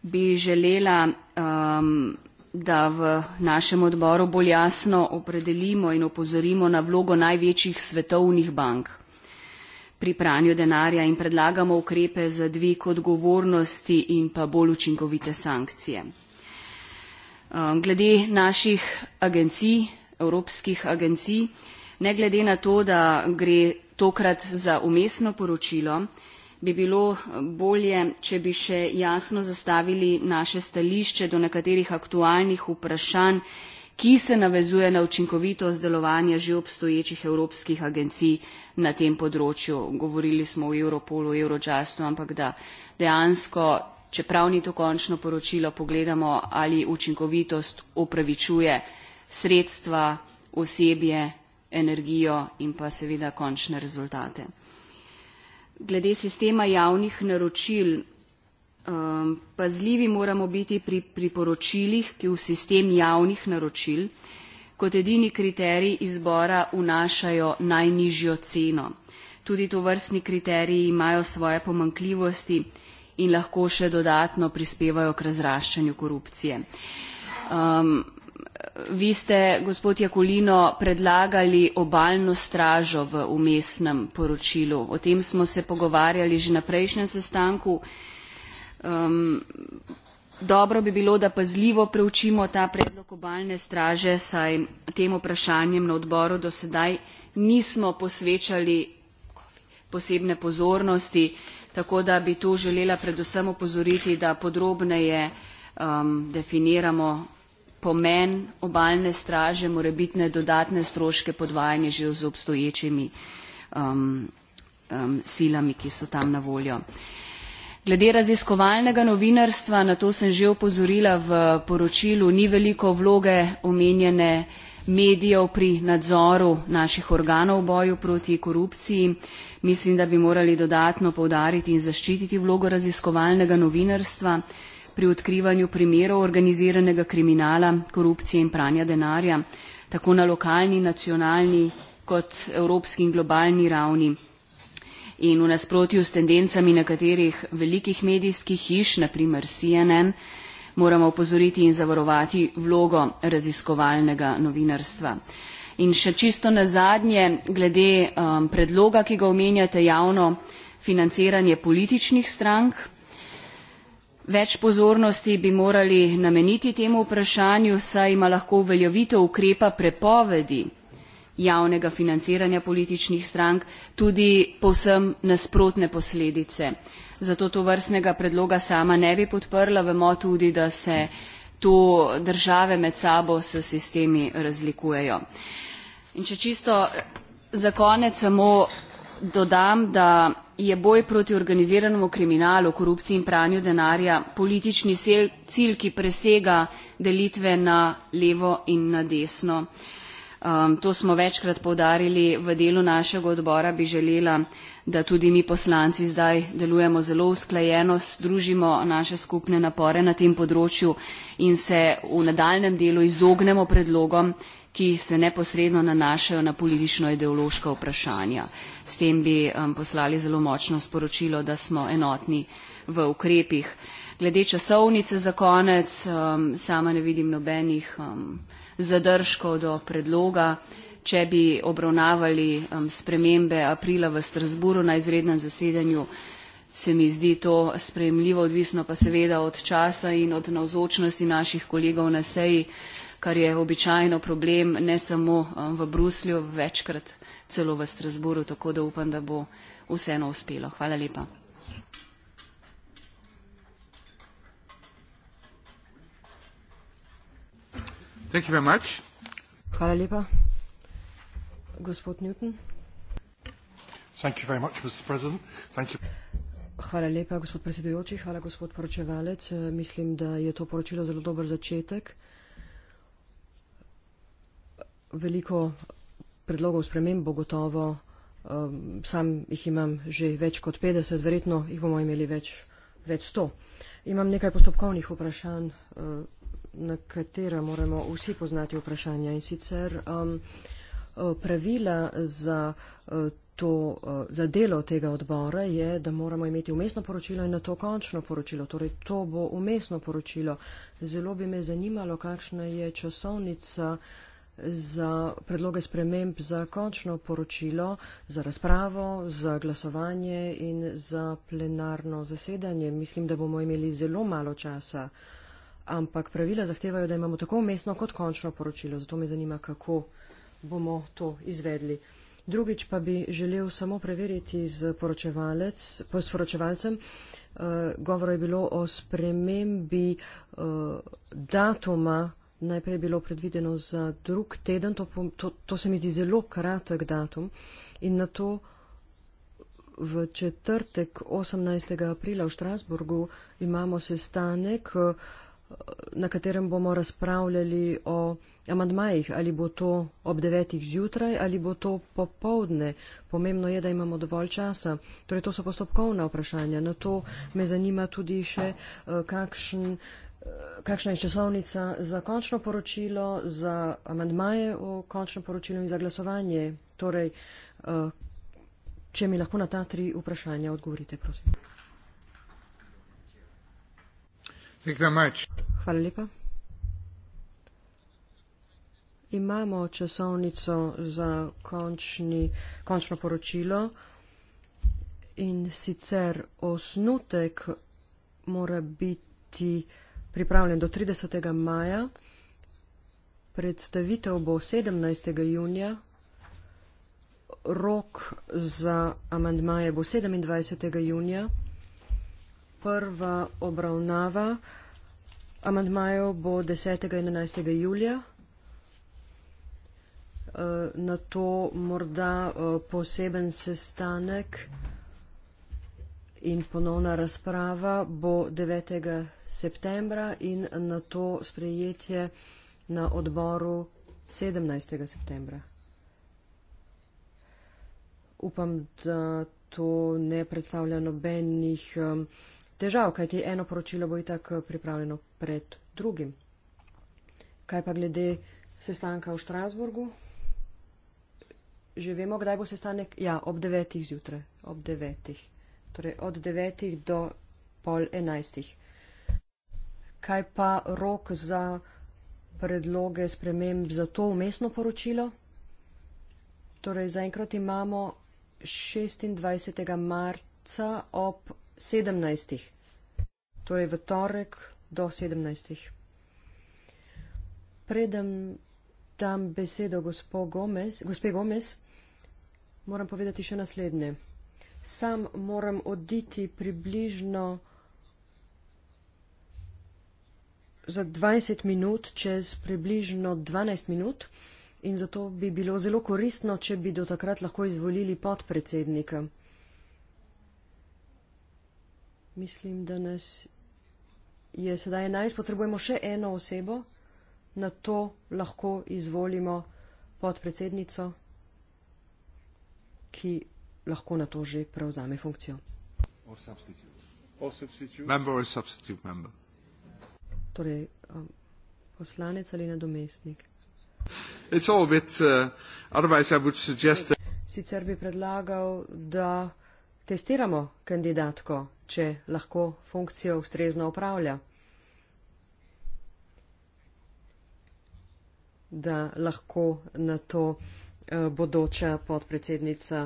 [SPEAKER 4] bi želela um, da v našem odboru bolj jasno opredelimo in opozorimo na vlogo največjih svetovnih bank pri pranju denarja in predlagamo ukrepe za dvig odgovornosti in pa bolj učinkovite sankcije. Um, glede naših agencij, evropskih agencij, ne glede na to, da gre tokrat za umestno poročilo, bi bilo eh, bolje, če bi še jasno zastavili naše stališče do nekaterih aktualnih vprašanj, ki se navezuje na učinkovitost delovanja že obstoječih evropskih agencij na tem področju. Govorili smo o Europolu, Eurojustu, ampak da dejansko, čeprav ni to končno poročilo, pogledamo, ali učinkovitost upravičuje sredstva, osebje, energijo in pa seveda končne rezultate glede sistema javnih naročil. Um, pazljivi moramo biti pri priporočilih, ki v sistem javnih naročil kot edini kriterij izbora vnašajo najnižjo ceno. Tudi to vrstni kriteriji imajo svoje pomankljivosti in lahko še dodatno prispevajo k razraščanju korupcije. Um, vi ste, gospod Jakolino, predlagali obaljno stražo v umestnem poročilu. O tem smo se pogovarjali že na prejšnjem sestanku. Um, Dobro bi bilo, da pazljivo preučimo ta predlog obaljne straže, saj tem vprašanjem na odboru do sedaj nismo posvečali posebne pozornosti, tako da bi to želela predvsem upozoriti, da podrobneje um, definiramo pomen obalne straže, morebitne dodatne stroške podvajanja že z obstoječimi um, um, silami, ki so tam na voljo. Glede raziskovalnega novinarstva, na to sem že opozorila v poročilu, ni veliko vloge omenjene medijev pri nadzoru naših organov v boju proti korupciji. Mislim, da bi morali dodatno povdariti in zaščititi vlogo raziskovalnega novinarstva pri odkrivanju primerov organiziranega kriminala, korupcije in pranja denarja, tako na lokalni, nacionalni kot evropski in globalni ravni. In v nasprotju s tendencami nekaterih velikih medijskih hiš, naprimer CNN, moramo opozoriti in zavarovati vlogo raziskovalnega novinarstva. In še čisto na zadnje, glede um, predloga, ki ga omenjate javno, financiranje političnih strank. Več pozornosti bi morali nameniti temu vprašanju, saj ima lahko uveljavitev ukrepa prepovedi javnega financiranja političnih strank tudi povsem nasprotne posledice. Zato to vrstnega predloga sama ne bi podprla, vemo tudi, da se to države med sabo s sistemi razlikujejo. In če čisto za konec samo dodam, da je boj proti organiziranemu kriminalu, korupciji in pranju denarja politični cilj, ki presega delitve na levo in na desno. Um, to smo večkrat povdarjali v delu našega odbora, bi želela, da tudi mi poslanci zdaj delujemo zelo usklajeno, združimo naše skupne napore na tem področju in se v nadaljem delu izognemo predlogom, ki se neposredno nanašajo na politično-ideološka vprašanja. S tem bi um, poslali zelo močno sporočilo, da smo enotni v ukrepih. Glede časovnice za konec, um, sama ne vidim nobenih um, zadržkov do predloga. Če bi obravnavali um, spremembe aprila v Strasburu na izrednem zasedanju, se mi zdi to sprejemljivo, odvisno pa seveda od časa in od navzočnosti naših kolegov na seji, kar je običajno problem ne samo um, v Bruslju, večkrat celo v Strasburu, tako da upam, da bo vseeno uspelo. Hvala lepa.
[SPEAKER 1] Hvala lepa, gospod Newton. Much, hvala lepa, gospod predsedujoči, hvala, gospod poročevalec. Eh, mislim, da je to poročilo zelo dober začetek. Veliko predlogov sprememb bo gotovo, um, sam jih imam že več kot 50, verjetno jih bomo imeli več, več 100. Imam nekaj postopkovnih vprašanj, uh, na katera moramo vsi poznati vprašanja in sicer um, uh, pravila za, uh, to, za delo tega odbora je, da moramo imeti umestno poročilo in na to končno poročilo. Torej, to bo umestno poročilo. Zelo bi me zanimalo, kakšna je časovnica. Uh, za predloge sprememb za končno poročilo, za razpravo, za glasovanje in za plenarno zasedanje. Mislim, da bomo imeli zelo malo časa, ampak pravila zahtevajo, da imamo tako umestno kot končno poročilo. Zato me zanima, kako bomo to izvedli. Drugič pa bi želel samo preveriti z poročevalcem. Uh, eh, govoro je bilo o spremembi uh, datuma, najprej bilo predvideno za drug teden, to, to, to se mi zdi zelo kratek datum, in na to v četrtek 18. aprila v Štrasburgu imamo sestanek, eh, na katerem bomo razpravljali o amadmajih, ali bo to ob devetih zjutraj ali bo to popovdne. Pomembno je, da imamo dovolj časa. Torej, to so postopkovna vprašanja. Na to me zanima tudi še, eh, kakšen kakšna je časovnica za končno poročilo, za amandmaje v končnem poročilu in za glasovanje. Torej, eh, če mi lahko na ta tri vprašanja odgovorite, prosim. Hvala lepa. Imamo časovnico za končni, končno poročilo in sicer osnutek mora biti pripravljen do 30. maja, predstavitev bo 17. junija, rok za amandmaje bo 27. junija, prva obravnava amandmajev bo 10. in 11. julija. Eh, na to morda eh, poseben sestanek in ponovna razprava bo 9 septembra in na to sprejetje na odboru 17. septembra. Upam, da to ne predstavlja nobenih um, težav, kajti eno poročilo bo itak uh, pripravljeno pred drugim. Kaj pa glede sestanka v Štrasburgu? Že vemo, kdaj bo sestanek? Ja, ob devetih zjutraj. Ob devetih. Torej, od devetih do pol enajstih. Kaj pa rok za predloge sprememb za to umestno poročilo? Torej, zaenkrat imamo 26. marca ob 17. Torej, v torek do 17. Predem tam besedo Gomez, gospe Gomez, moram povedati še naslednje. Sam moram oditi približno za 20 minut, čez približno 12 minut. In zato bi bilo zelo koristno, če bi do takrat lahko izvolili podpredsednika. Mislim, da nas je sedaj 11, potrebujemo še eno osebo, na to lahko izvolimo podpredsednico, ki lahko na to že prevzame funkcijo. Or substitute. Or
[SPEAKER 2] substitute
[SPEAKER 1] torej um, poslanec ali nadomestnik.
[SPEAKER 3] Bit, uh,
[SPEAKER 1] Sicer bi predlagal, da testiramo kandidatko, če lahko funkcijo ustrezno upravlja. da lahko na to eh, bodoča podpredsednica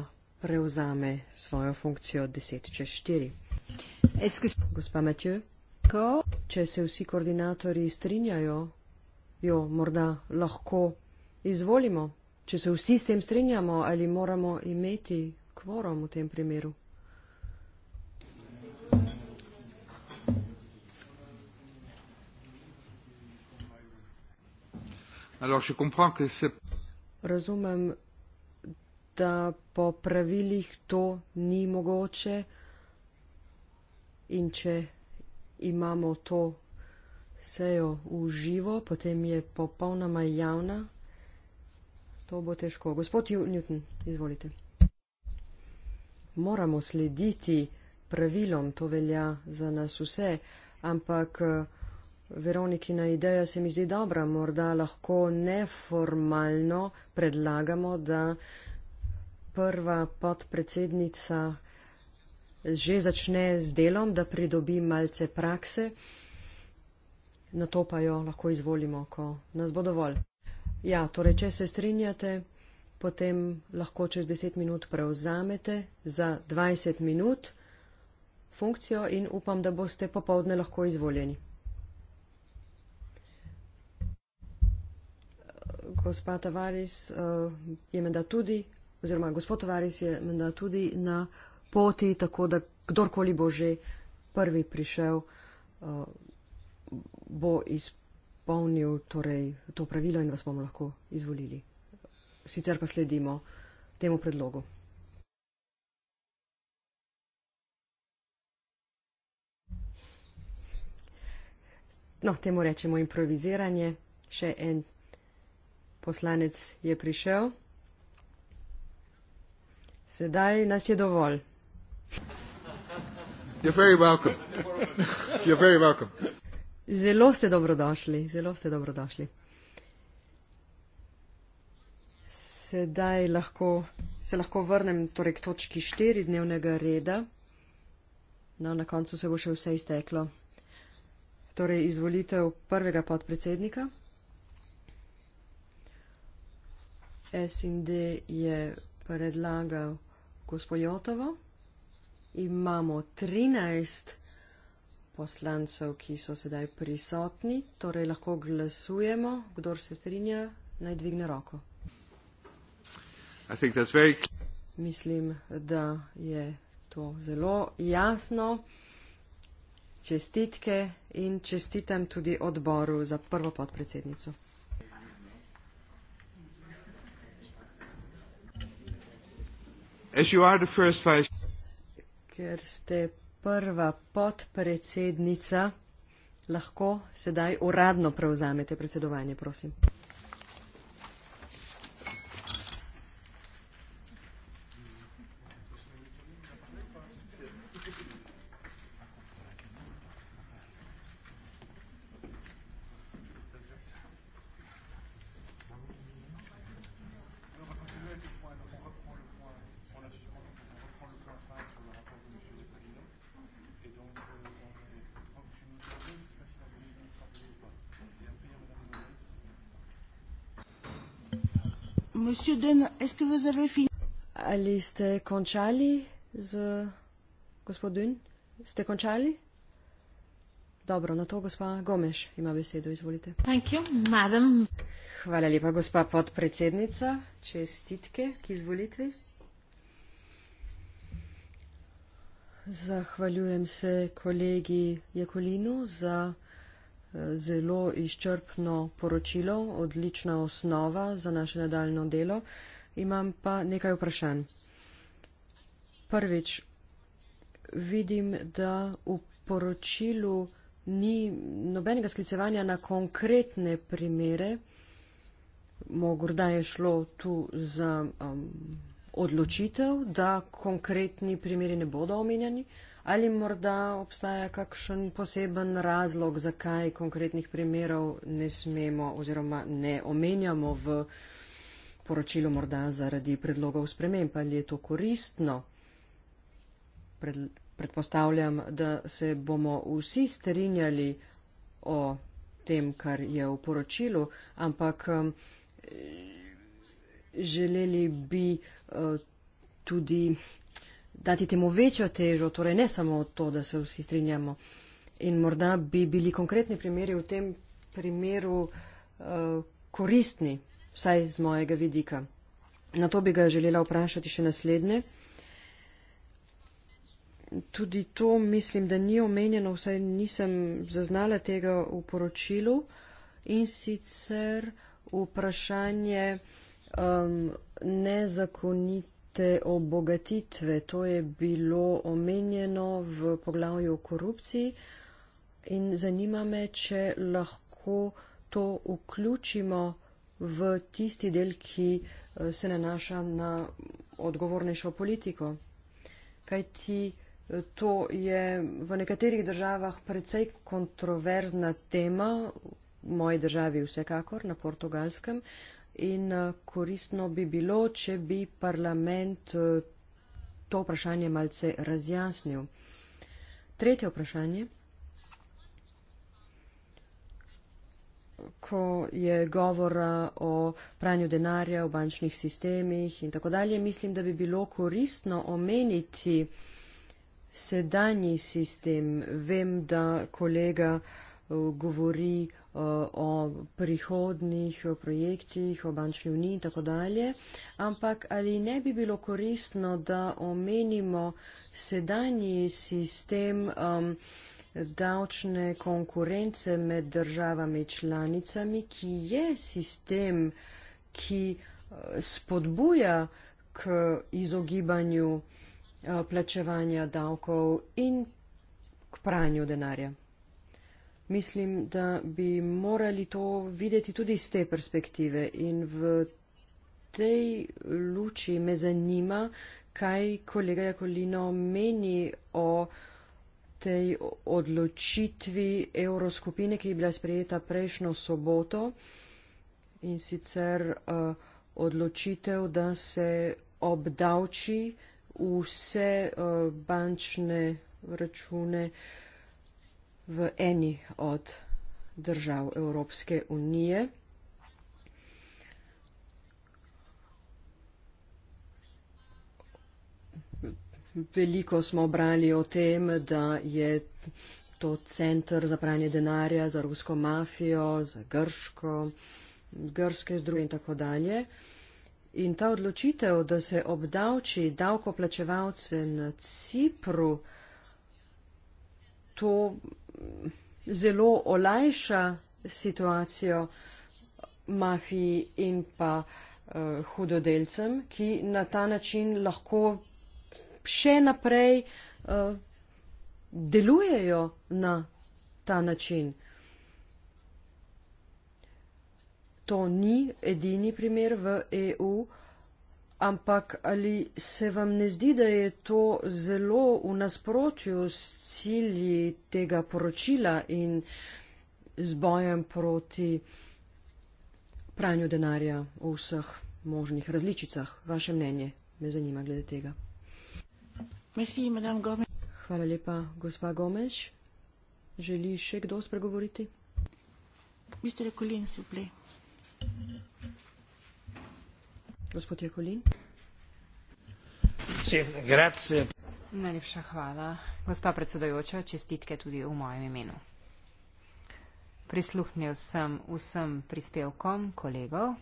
[SPEAKER 1] prevzame svojo funkcijo 10 čez 4. Gospa Matjo. Ko, če se vsi koordinatori strinjajo, jo morda lahko izvolimo. Če se vsi s tem strinjamo, ali moramo imeti kvorom v tem primeru? Razumem, da po pravilih to ni mogoče in če imamo to sejo v živo, potem je popolnoma javna. To bo težko. Gospod Newton, izvolite. Moramo slediti pravilom, to velja za nas vse, ampak eh, Veronikina ideja se mi zdi dobra, morda lahko neformalno predlagamo, da prva podpredsednica že začne z delom, da pridobi malce prakse, na to pa jo lahko izvolimo, ko nas bo dovolj. Ja, torej, če se strinjate, potem lahko čez 10 minut prevzamete za 20 minut funkcijo in upam, da boste popovdne lahko izvoljeni. Gospa Tavaris eh, je menda tudi, oziroma gospod Tavaris je menda tudi na poti, tako da kdorkoli bo že prvi prišel, eh, bo izpolnil torej, to pravilo in vas bomo lahko izvolili. Sicer pa sledimo temu predlogu. No, temu rečemo improviziranje. Še en poslanec je prišel. Sedaj nas je dovolj. Zelo ste dobrodošli, zelo ste dobrodošli. Sedaj lahko, se lahko vrnem torej k točki štiri dnevnega reda. No, na koncu se bo še vse izteklo. Torej, izvolitev prvega podpredsednika. SND je predlagal gospod Jotovo imamo 13 poslancev, ki so sedaj prisotni, torej lahko glasujemo, kdor se strinja, naj dvigne roko. Mislim, da je to zelo jasno. Čestitke in čestitam tudi odboru za prvo podpredsednico. As you are the first vice ker ste prva podpredsednica, lahko sedaj uradno prevzamete predsedovanje, prosim. Monsieur Den, est-ce que vous avez fini Ali ste končali z gospodin? Ste končali? Dobro, na to gospa Gomeš ima besedo, izvolite. Thank you, madam. Hvala lepa, gospa podpredsednica. Čestitke k izvolitvi. Zahvaljujem se kolegi Jekolinu za zelo izčrpno poročilo, odlična osnova za naše nadaljno delo. Imam pa nekaj vprašanj. Prvič, vidim, da v poročilu ni nobenega sklicevanja na konkretne primere, morda je šlo tu za um, odločitev, da konkretni primeri ne bodo omenjeni. Uh, ali morda obstaja kakšen poseben razlog, zakaj konkretnih primerov ne smemo oziroma ne omenjamo v poročilu, morda zaradi predlogov sprememb, ali je to koristno. Pred, predpostavljam, da se bomo vsi strinjali o tem, kar je v poročilu, ampak um, želeli bi uh, tudi dati temu večjo težo, torej ne samo to, da se vsi strinjamo. In morda bi bili konkretni primeri v tem primeru uh, koristni, vsaj z mojega vidika. Na to bi ga želela vprašati še naslednje. Tudi to mislim, da ni omenjeno, vsaj nisem zaznala tega v poročilu in sicer vprašanje um, ehm, nezakonit te obogatitve. To je bilo omenjeno v poglavju o korupciji in zanima me, če lahko to vključimo v tisti del, ki eh, se nanaša na odgovornejšo politiko. Kaj ti eh, to je v nekaterih državah precej kontroverzna tema, v moji državi vsekakor, na portugalskem, in eh, koristno bi bilo, če bi parlament eh, to vprašanje malce razjasnil. Tretje vprašanje. Ko je govora o pranju denarja v bančnih sistemih in tako dalje, mislim, da bi bilo koristno omeniti sedanji sistem. Vem, da kolega eh, govori o prihodnih projektih, o bančni uniji in tako dalje, ampak ali ne bi bilo koristno, da omenimo sedanji sistem um, davčne konkurence med državami članicami, ki je sistem, ki uh, spodbuja k izogibanju uh, plačevanja davkov in k pranju denarja mislim, da bi morali to videti tudi iz te perspektive. In v tej luči me zanima, kaj kolega Jakolino meni o tej odločitvi evroskupine, ki je bila sprejeta prejšnjo soboto in sicer uh, odločitev, da se obdavči vse uh, bančne račune uh, v eni od držav Evropske unije. Veliko smo brali o tem, da je to centr za pranje denarja za rusko mafijo, za grško, grške združenje in tako dalje. In ta odločitev, da se obdavči davkoplačevalce na Cipru, to zelo olajša situacijo mafiji in pa uh, hudodelcem, ki na ta način lahko še naprej uh, delujejo na ta način. To ni edini primer v EU. Ampak ali se vam ne zdi, da je to zelo v nasprotju s cilji tega poročila in z bojem proti pranju denarja v vseh možnih različicah? Vaše mnenje me zanima glede tega. Merci, Hvala lepa, gospa Gomeš. Želi še kdo spregovoriti? Mister Kolin, suple.
[SPEAKER 3] Najlepša hvala. Gospa predsedojoča, čestitke tudi v mojem imenu. Prisluhnil sem vsem prispevkom kolegov.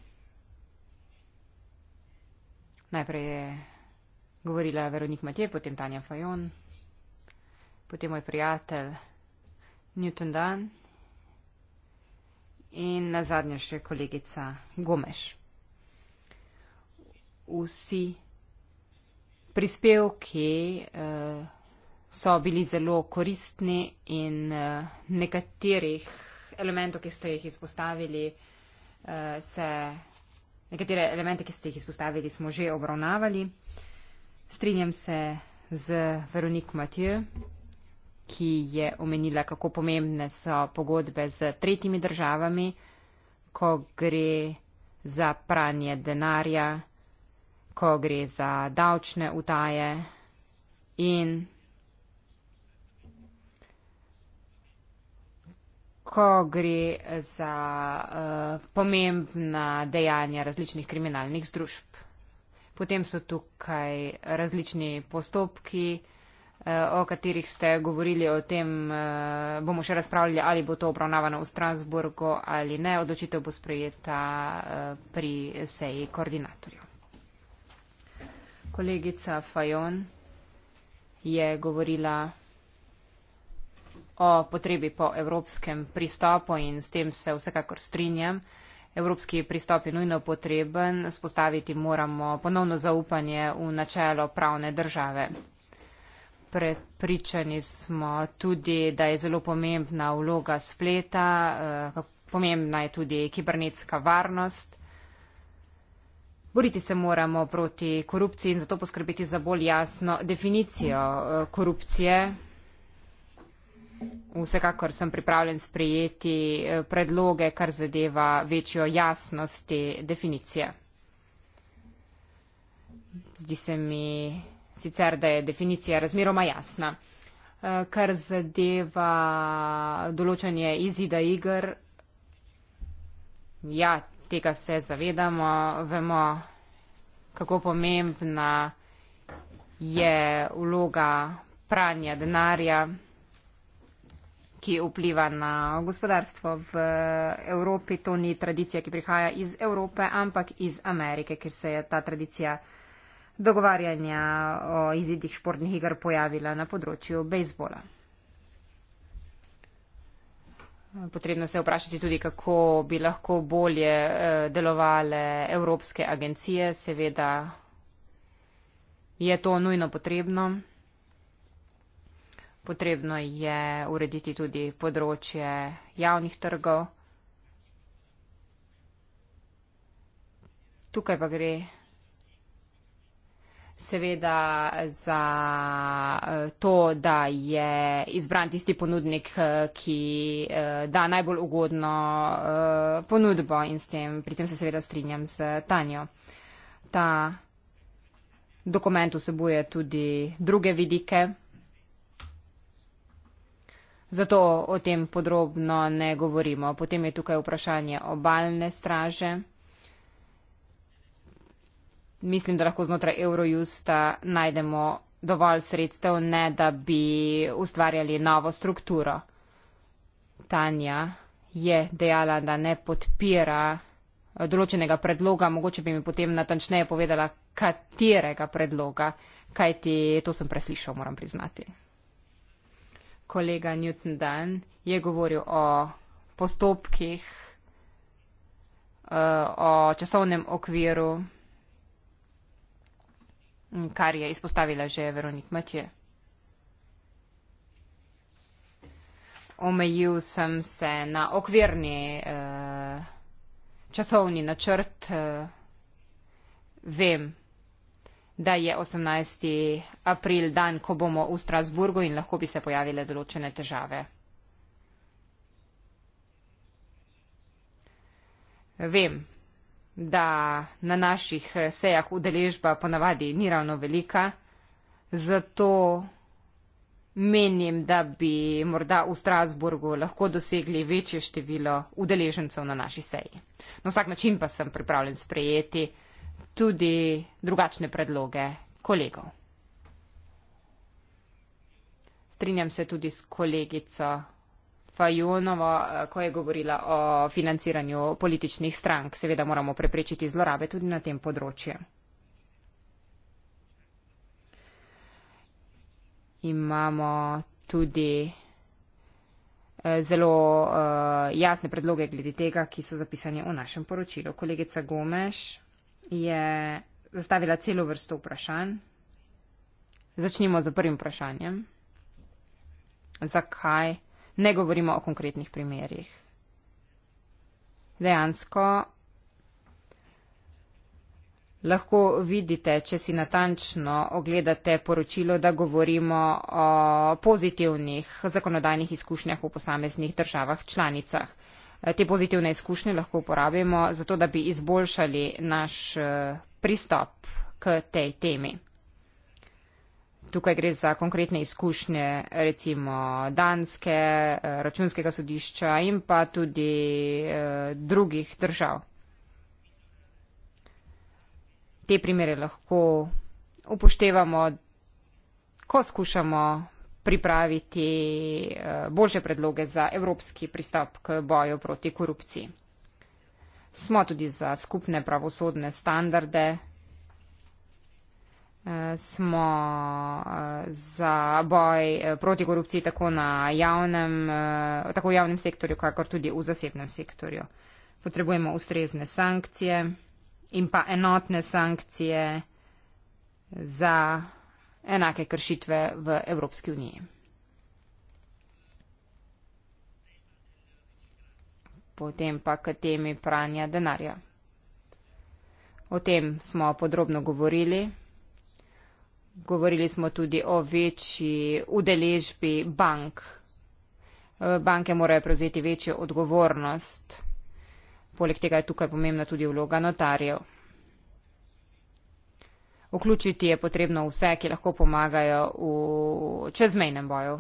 [SPEAKER 3] Najprej je govorila Veronik Matje, potem Tanja Fajon, potem moj prijatelj Newton Dan in na zadnje še kolegica Gomeš vsi prispevki uh, so bili zelo koristni in uh, nekaterih elementov, ki ste jih izpostavili, uh, se, nekatere elemente, ki ste jih izpostavili, smo že obravnavali. Strinjam se z Veronik Matjo, ki je omenila, kako pomembne so pogodbe z tretjimi državami, ko gre za pranje denarja ko gre za davčne utaje in ko gre za uh, pomembna dejanja različnih kriminalnih združb. Potem so tukaj različni postopki, uh, o katerih ste govorili, o tem uh, bomo še razpravljali, ali bo to obravnavano v Strasburgu ali ne. Odločitev bo sprejeta uh, pri seji koordinatorjev kolegica Fajon je govorila o potrebi po evropskem pristopu in s tem se vsekakor strinjam. Evropski pristop je nujno potreben, spostaviti moramo ponovno zaupanje v načelo pravne države. Prepričani smo tudi, da je zelo pomembna vloga spleta, eh, pomembna je tudi kibernetska varnost. Boriti se moramo proti korupciji in zato poskrbeti za bolj jasno definicijo eh, korupcije. Vsekakor sem pripravljen sprejeti eh, predloge, kar zadeva večjo jasnost te definicije. Zdi se mi sicer, da je definicija razmeroma jasna. Eh, kar zadeva določanje izida igr, ja, tega se zavedamo, vemo, kako pomembna je vloga pranja denarja, ki vpliva na gospodarstvo v Evropi. To ni tradicija, ki prihaja iz Evrope, ampak iz Amerike, ker se je ta tradicija dogovarjanja o izidih športnih igr pojavila na področju bejzbola. Potrebno se vprašati tudi, kako bi lahko bolje eh, delovale evropske agencije. Seveda je to nujno potrebno. Potrebno je urediti tudi področje javnih trgov. Tukaj pa gre seveda za eh, to, da je izbran tisti ponudnik, eh, ki eh, da najbolj ugodno ponudbo in s tem, pri tem se seveda strinjam z Tanjo. Ta dokument vsebuje tudi druge vidike. Zato o tem podrobno ne govorimo. Potem je tukaj vprašanje obaljne straže mislim, da lahko znotraj Eurojusta najdemo dovolj sredstev, ne da bi ustvarjali novo strukturo. Tanja je dejala, da ne podpira določenega predloga, mogoče bi mi potem natančneje povedala, katerega predloga, kaj ti to sem preslišal, moram priznati. Kolega Newton Dan je govoril o postopkih, eh, o časovnem okviru. Mm, kar je izpostavila že Veronik Matje. Omejil sem se na okvirni eh, časovni načrt. Eh, vem, da je 18. april dan, ko bomo v Strasburgu in lahko bi se pojavile določene težave. Vem, da na naših eh, sejah udeležba ponavadi ni ravno velika, zato menim, da bi morda v Strasburgu lahko dosegli večje število udeležencev na naši seji. Na vsak način pa sem pripravljen sprejeti tudi drugačne predloge kolegov. Strinjam se tudi s kolegico Fajonova, eh, ko je govorila o financiranju političnih strank. Seveda moramo preprečiti zlorabe tudi na tem področju. Imamo tudi eh, zelo eh, jasne predloge glede tega, ki so zapisani v našem poročilu. Kolegica Gomeš je zastavila celo vrsto vprašanj. Začnimo z prvim vprašanjem. Zakaj? ne govorimo o konkretnih primerjih. Dejansko lahko vidite, če si natančno ogledate poročilo, da govorimo o pozitivnih zakonodajnih izkušnjah v posameznih državah članicah. E, te pozitivne izkušnje lahko uporabimo zato, da bi izboljšali naš e, pristop k tej temi. Tukaj gre za konkretne izkušnje recimo Danske, eh, računskega sodišča in pa tudi eh, drugih držav. Te primere lahko upoštevamo, ko skušamo pripraviti eh, boljše predloge za evropski pristop k boju proti korupciji. Smo tudi za skupne pravosodne standarde smo eh, za boj eh, proti korupciji tako, javnem, eh, tako v javnem sektorju, kakor tudi v zasebnem sektorju. Potrebujemo ustrezne sankcije in pa enotne sankcije za enake kršitve v Evropski uniji. Potem pa k temi pranja denarja. O tem smo podrobno govorili govorili smo tudi o večji udeležbi bank. E, banke morajo prevzeti večjo odgovornost. Poleg tega je tukaj pomembna tudi vloga notarjev. Vključiti je potrebno vse, ki lahko pomagajo v čezmejnem boju.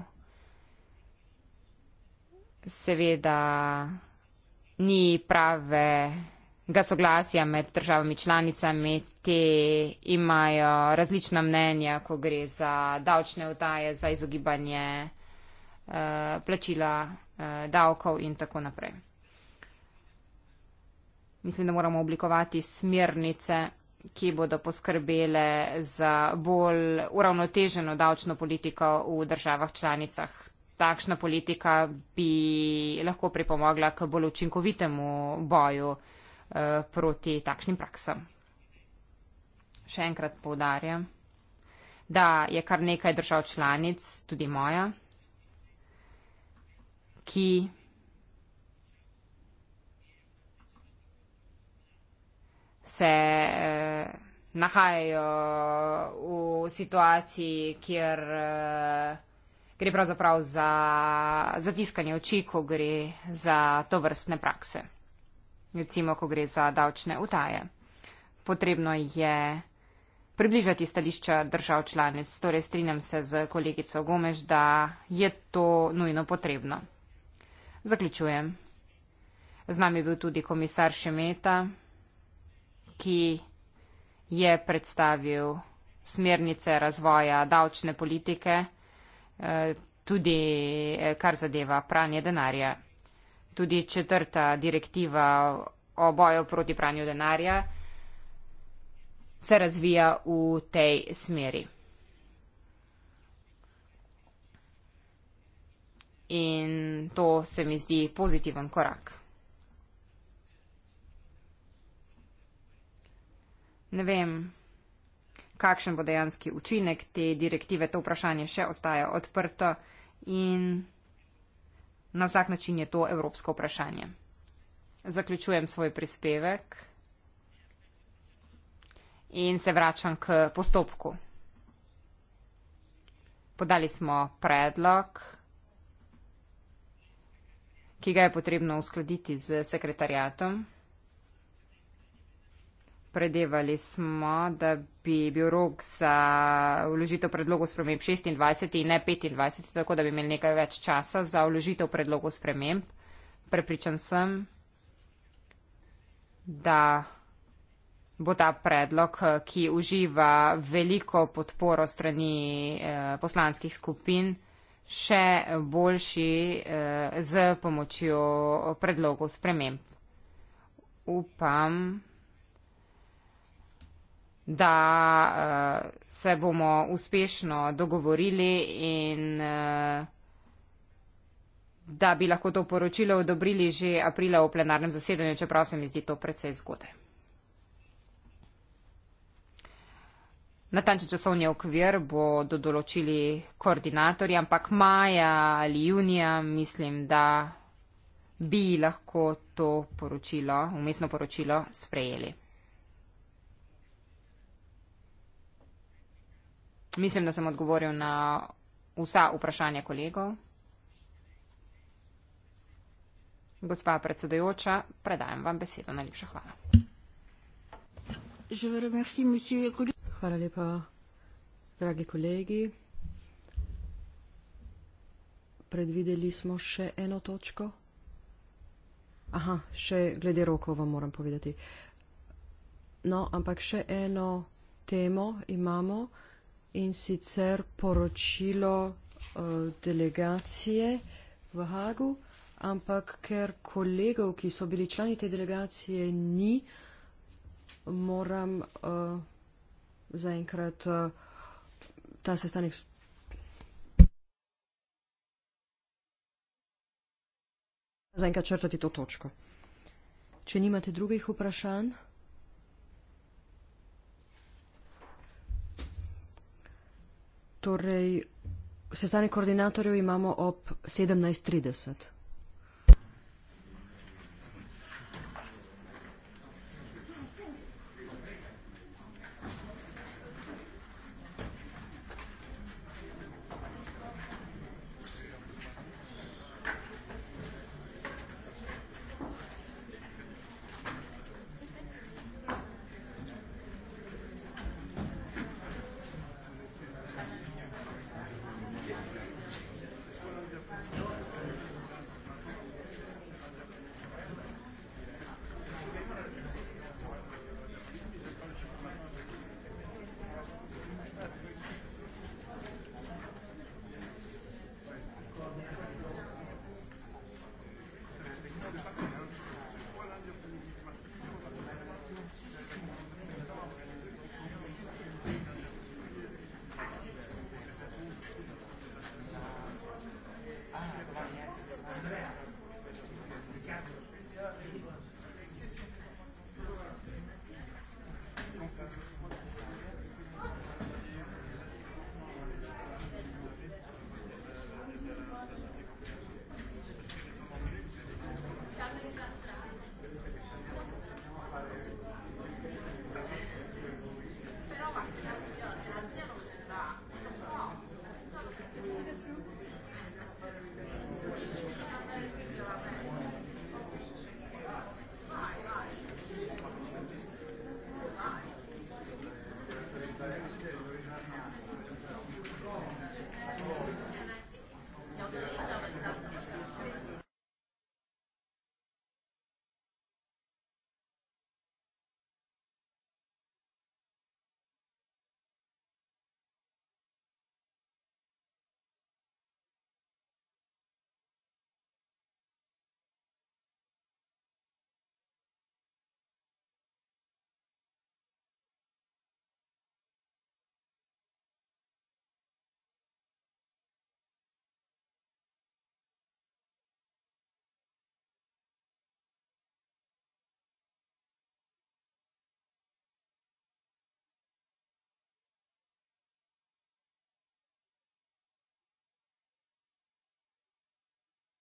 [SPEAKER 3] Seveda ni prave ga soglasja med državami članicami, te imajo različna mnenja, ko gre za davčne vdaje, za izogibanje eh, plačila eh, davkov in tako naprej. Mislim, da moramo oblikovati smernice, ki bodo poskrbele za bolj uravnoteženo davčno politiko v državah članicah. Takšna politika bi lahko pripomogla k bolj učinkovitemu boju Eh, proti takšnim praksam. Še enkrat povdarjam, da je kar nekaj držav članic, tudi moja, ki se eh, nahajajo v situaciji, kjer eh, gre pravzaprav za zatiskanje oči, ko gre za to vrstne prakse recimo, ko gre za davčne utaje. Potrebno je približati stališča držav članic, torej strinjam se z kolegico Gomež, da je to nujno potrebno. Zaključujem. Z nami je bil tudi komisar Šemeta, ki je predstavil smernice razvoja davčne politike, eh, tudi eh, kar zadeva pranje denarja tudi četrta direktiva o boju proti pranju denarja, se razvija v tej smeri. In to se mi zdi pozitiven korak. Ne vem, kakšen bo dejanski učinek te direktive, to vprašanje še ostaja odprto in. Na vsak način je to evropsko vprašanje. Zaključujem svoj prispevek in se vračam k postopku. Podali smo predlog, ki ga je potrebno uskladiti z sekretarjatom. Predevali smo, da bi bil rok za vložitev predlogov sprememb 26 in ne 25, tako da bi imeli nekaj več časa za vložitev predlogov sprememb. Prepričan sem, da bo ta predlog, ki uživa veliko podporo strani eh, poslanskih skupin, še boljši z eh, pomočjo predlogov sprememb. Upam, da uh, se bomo uspešno dogovorili in uh, da bi lahko to poročilo odobrili že aprila v plenarnem zasedanju, čeprav se mi zdi to predvsej zgodaj. Natančen časovni okvir bodo določili koordinatorji, ampak maja ali junija mislim, da bi lahko to poročilo, umestno poročilo, sprejeli. Mislim, da sem odgovoril na vsa vprašanja kolegov. Gospa predsedujoča, predajam vam besedo. Najlepša hvala.
[SPEAKER 1] Hvala lepa, dragi kolegi. Predvideli smo še eno točko. Aha, še glede rokov vam moram povedati. No, ampak še eno temo imamo in sicer poročilo eh, delegacije v Hagu, ampak ker kolegov, ki so bili člani te delegacije, ni, moram eh, zaenkrat eh, ta sestanek spremljati. Zdaj, kaj črtati to točko. Če nimate drugih vprašanj, Torej, sestanek koordinatorjev imamo ob 17.30.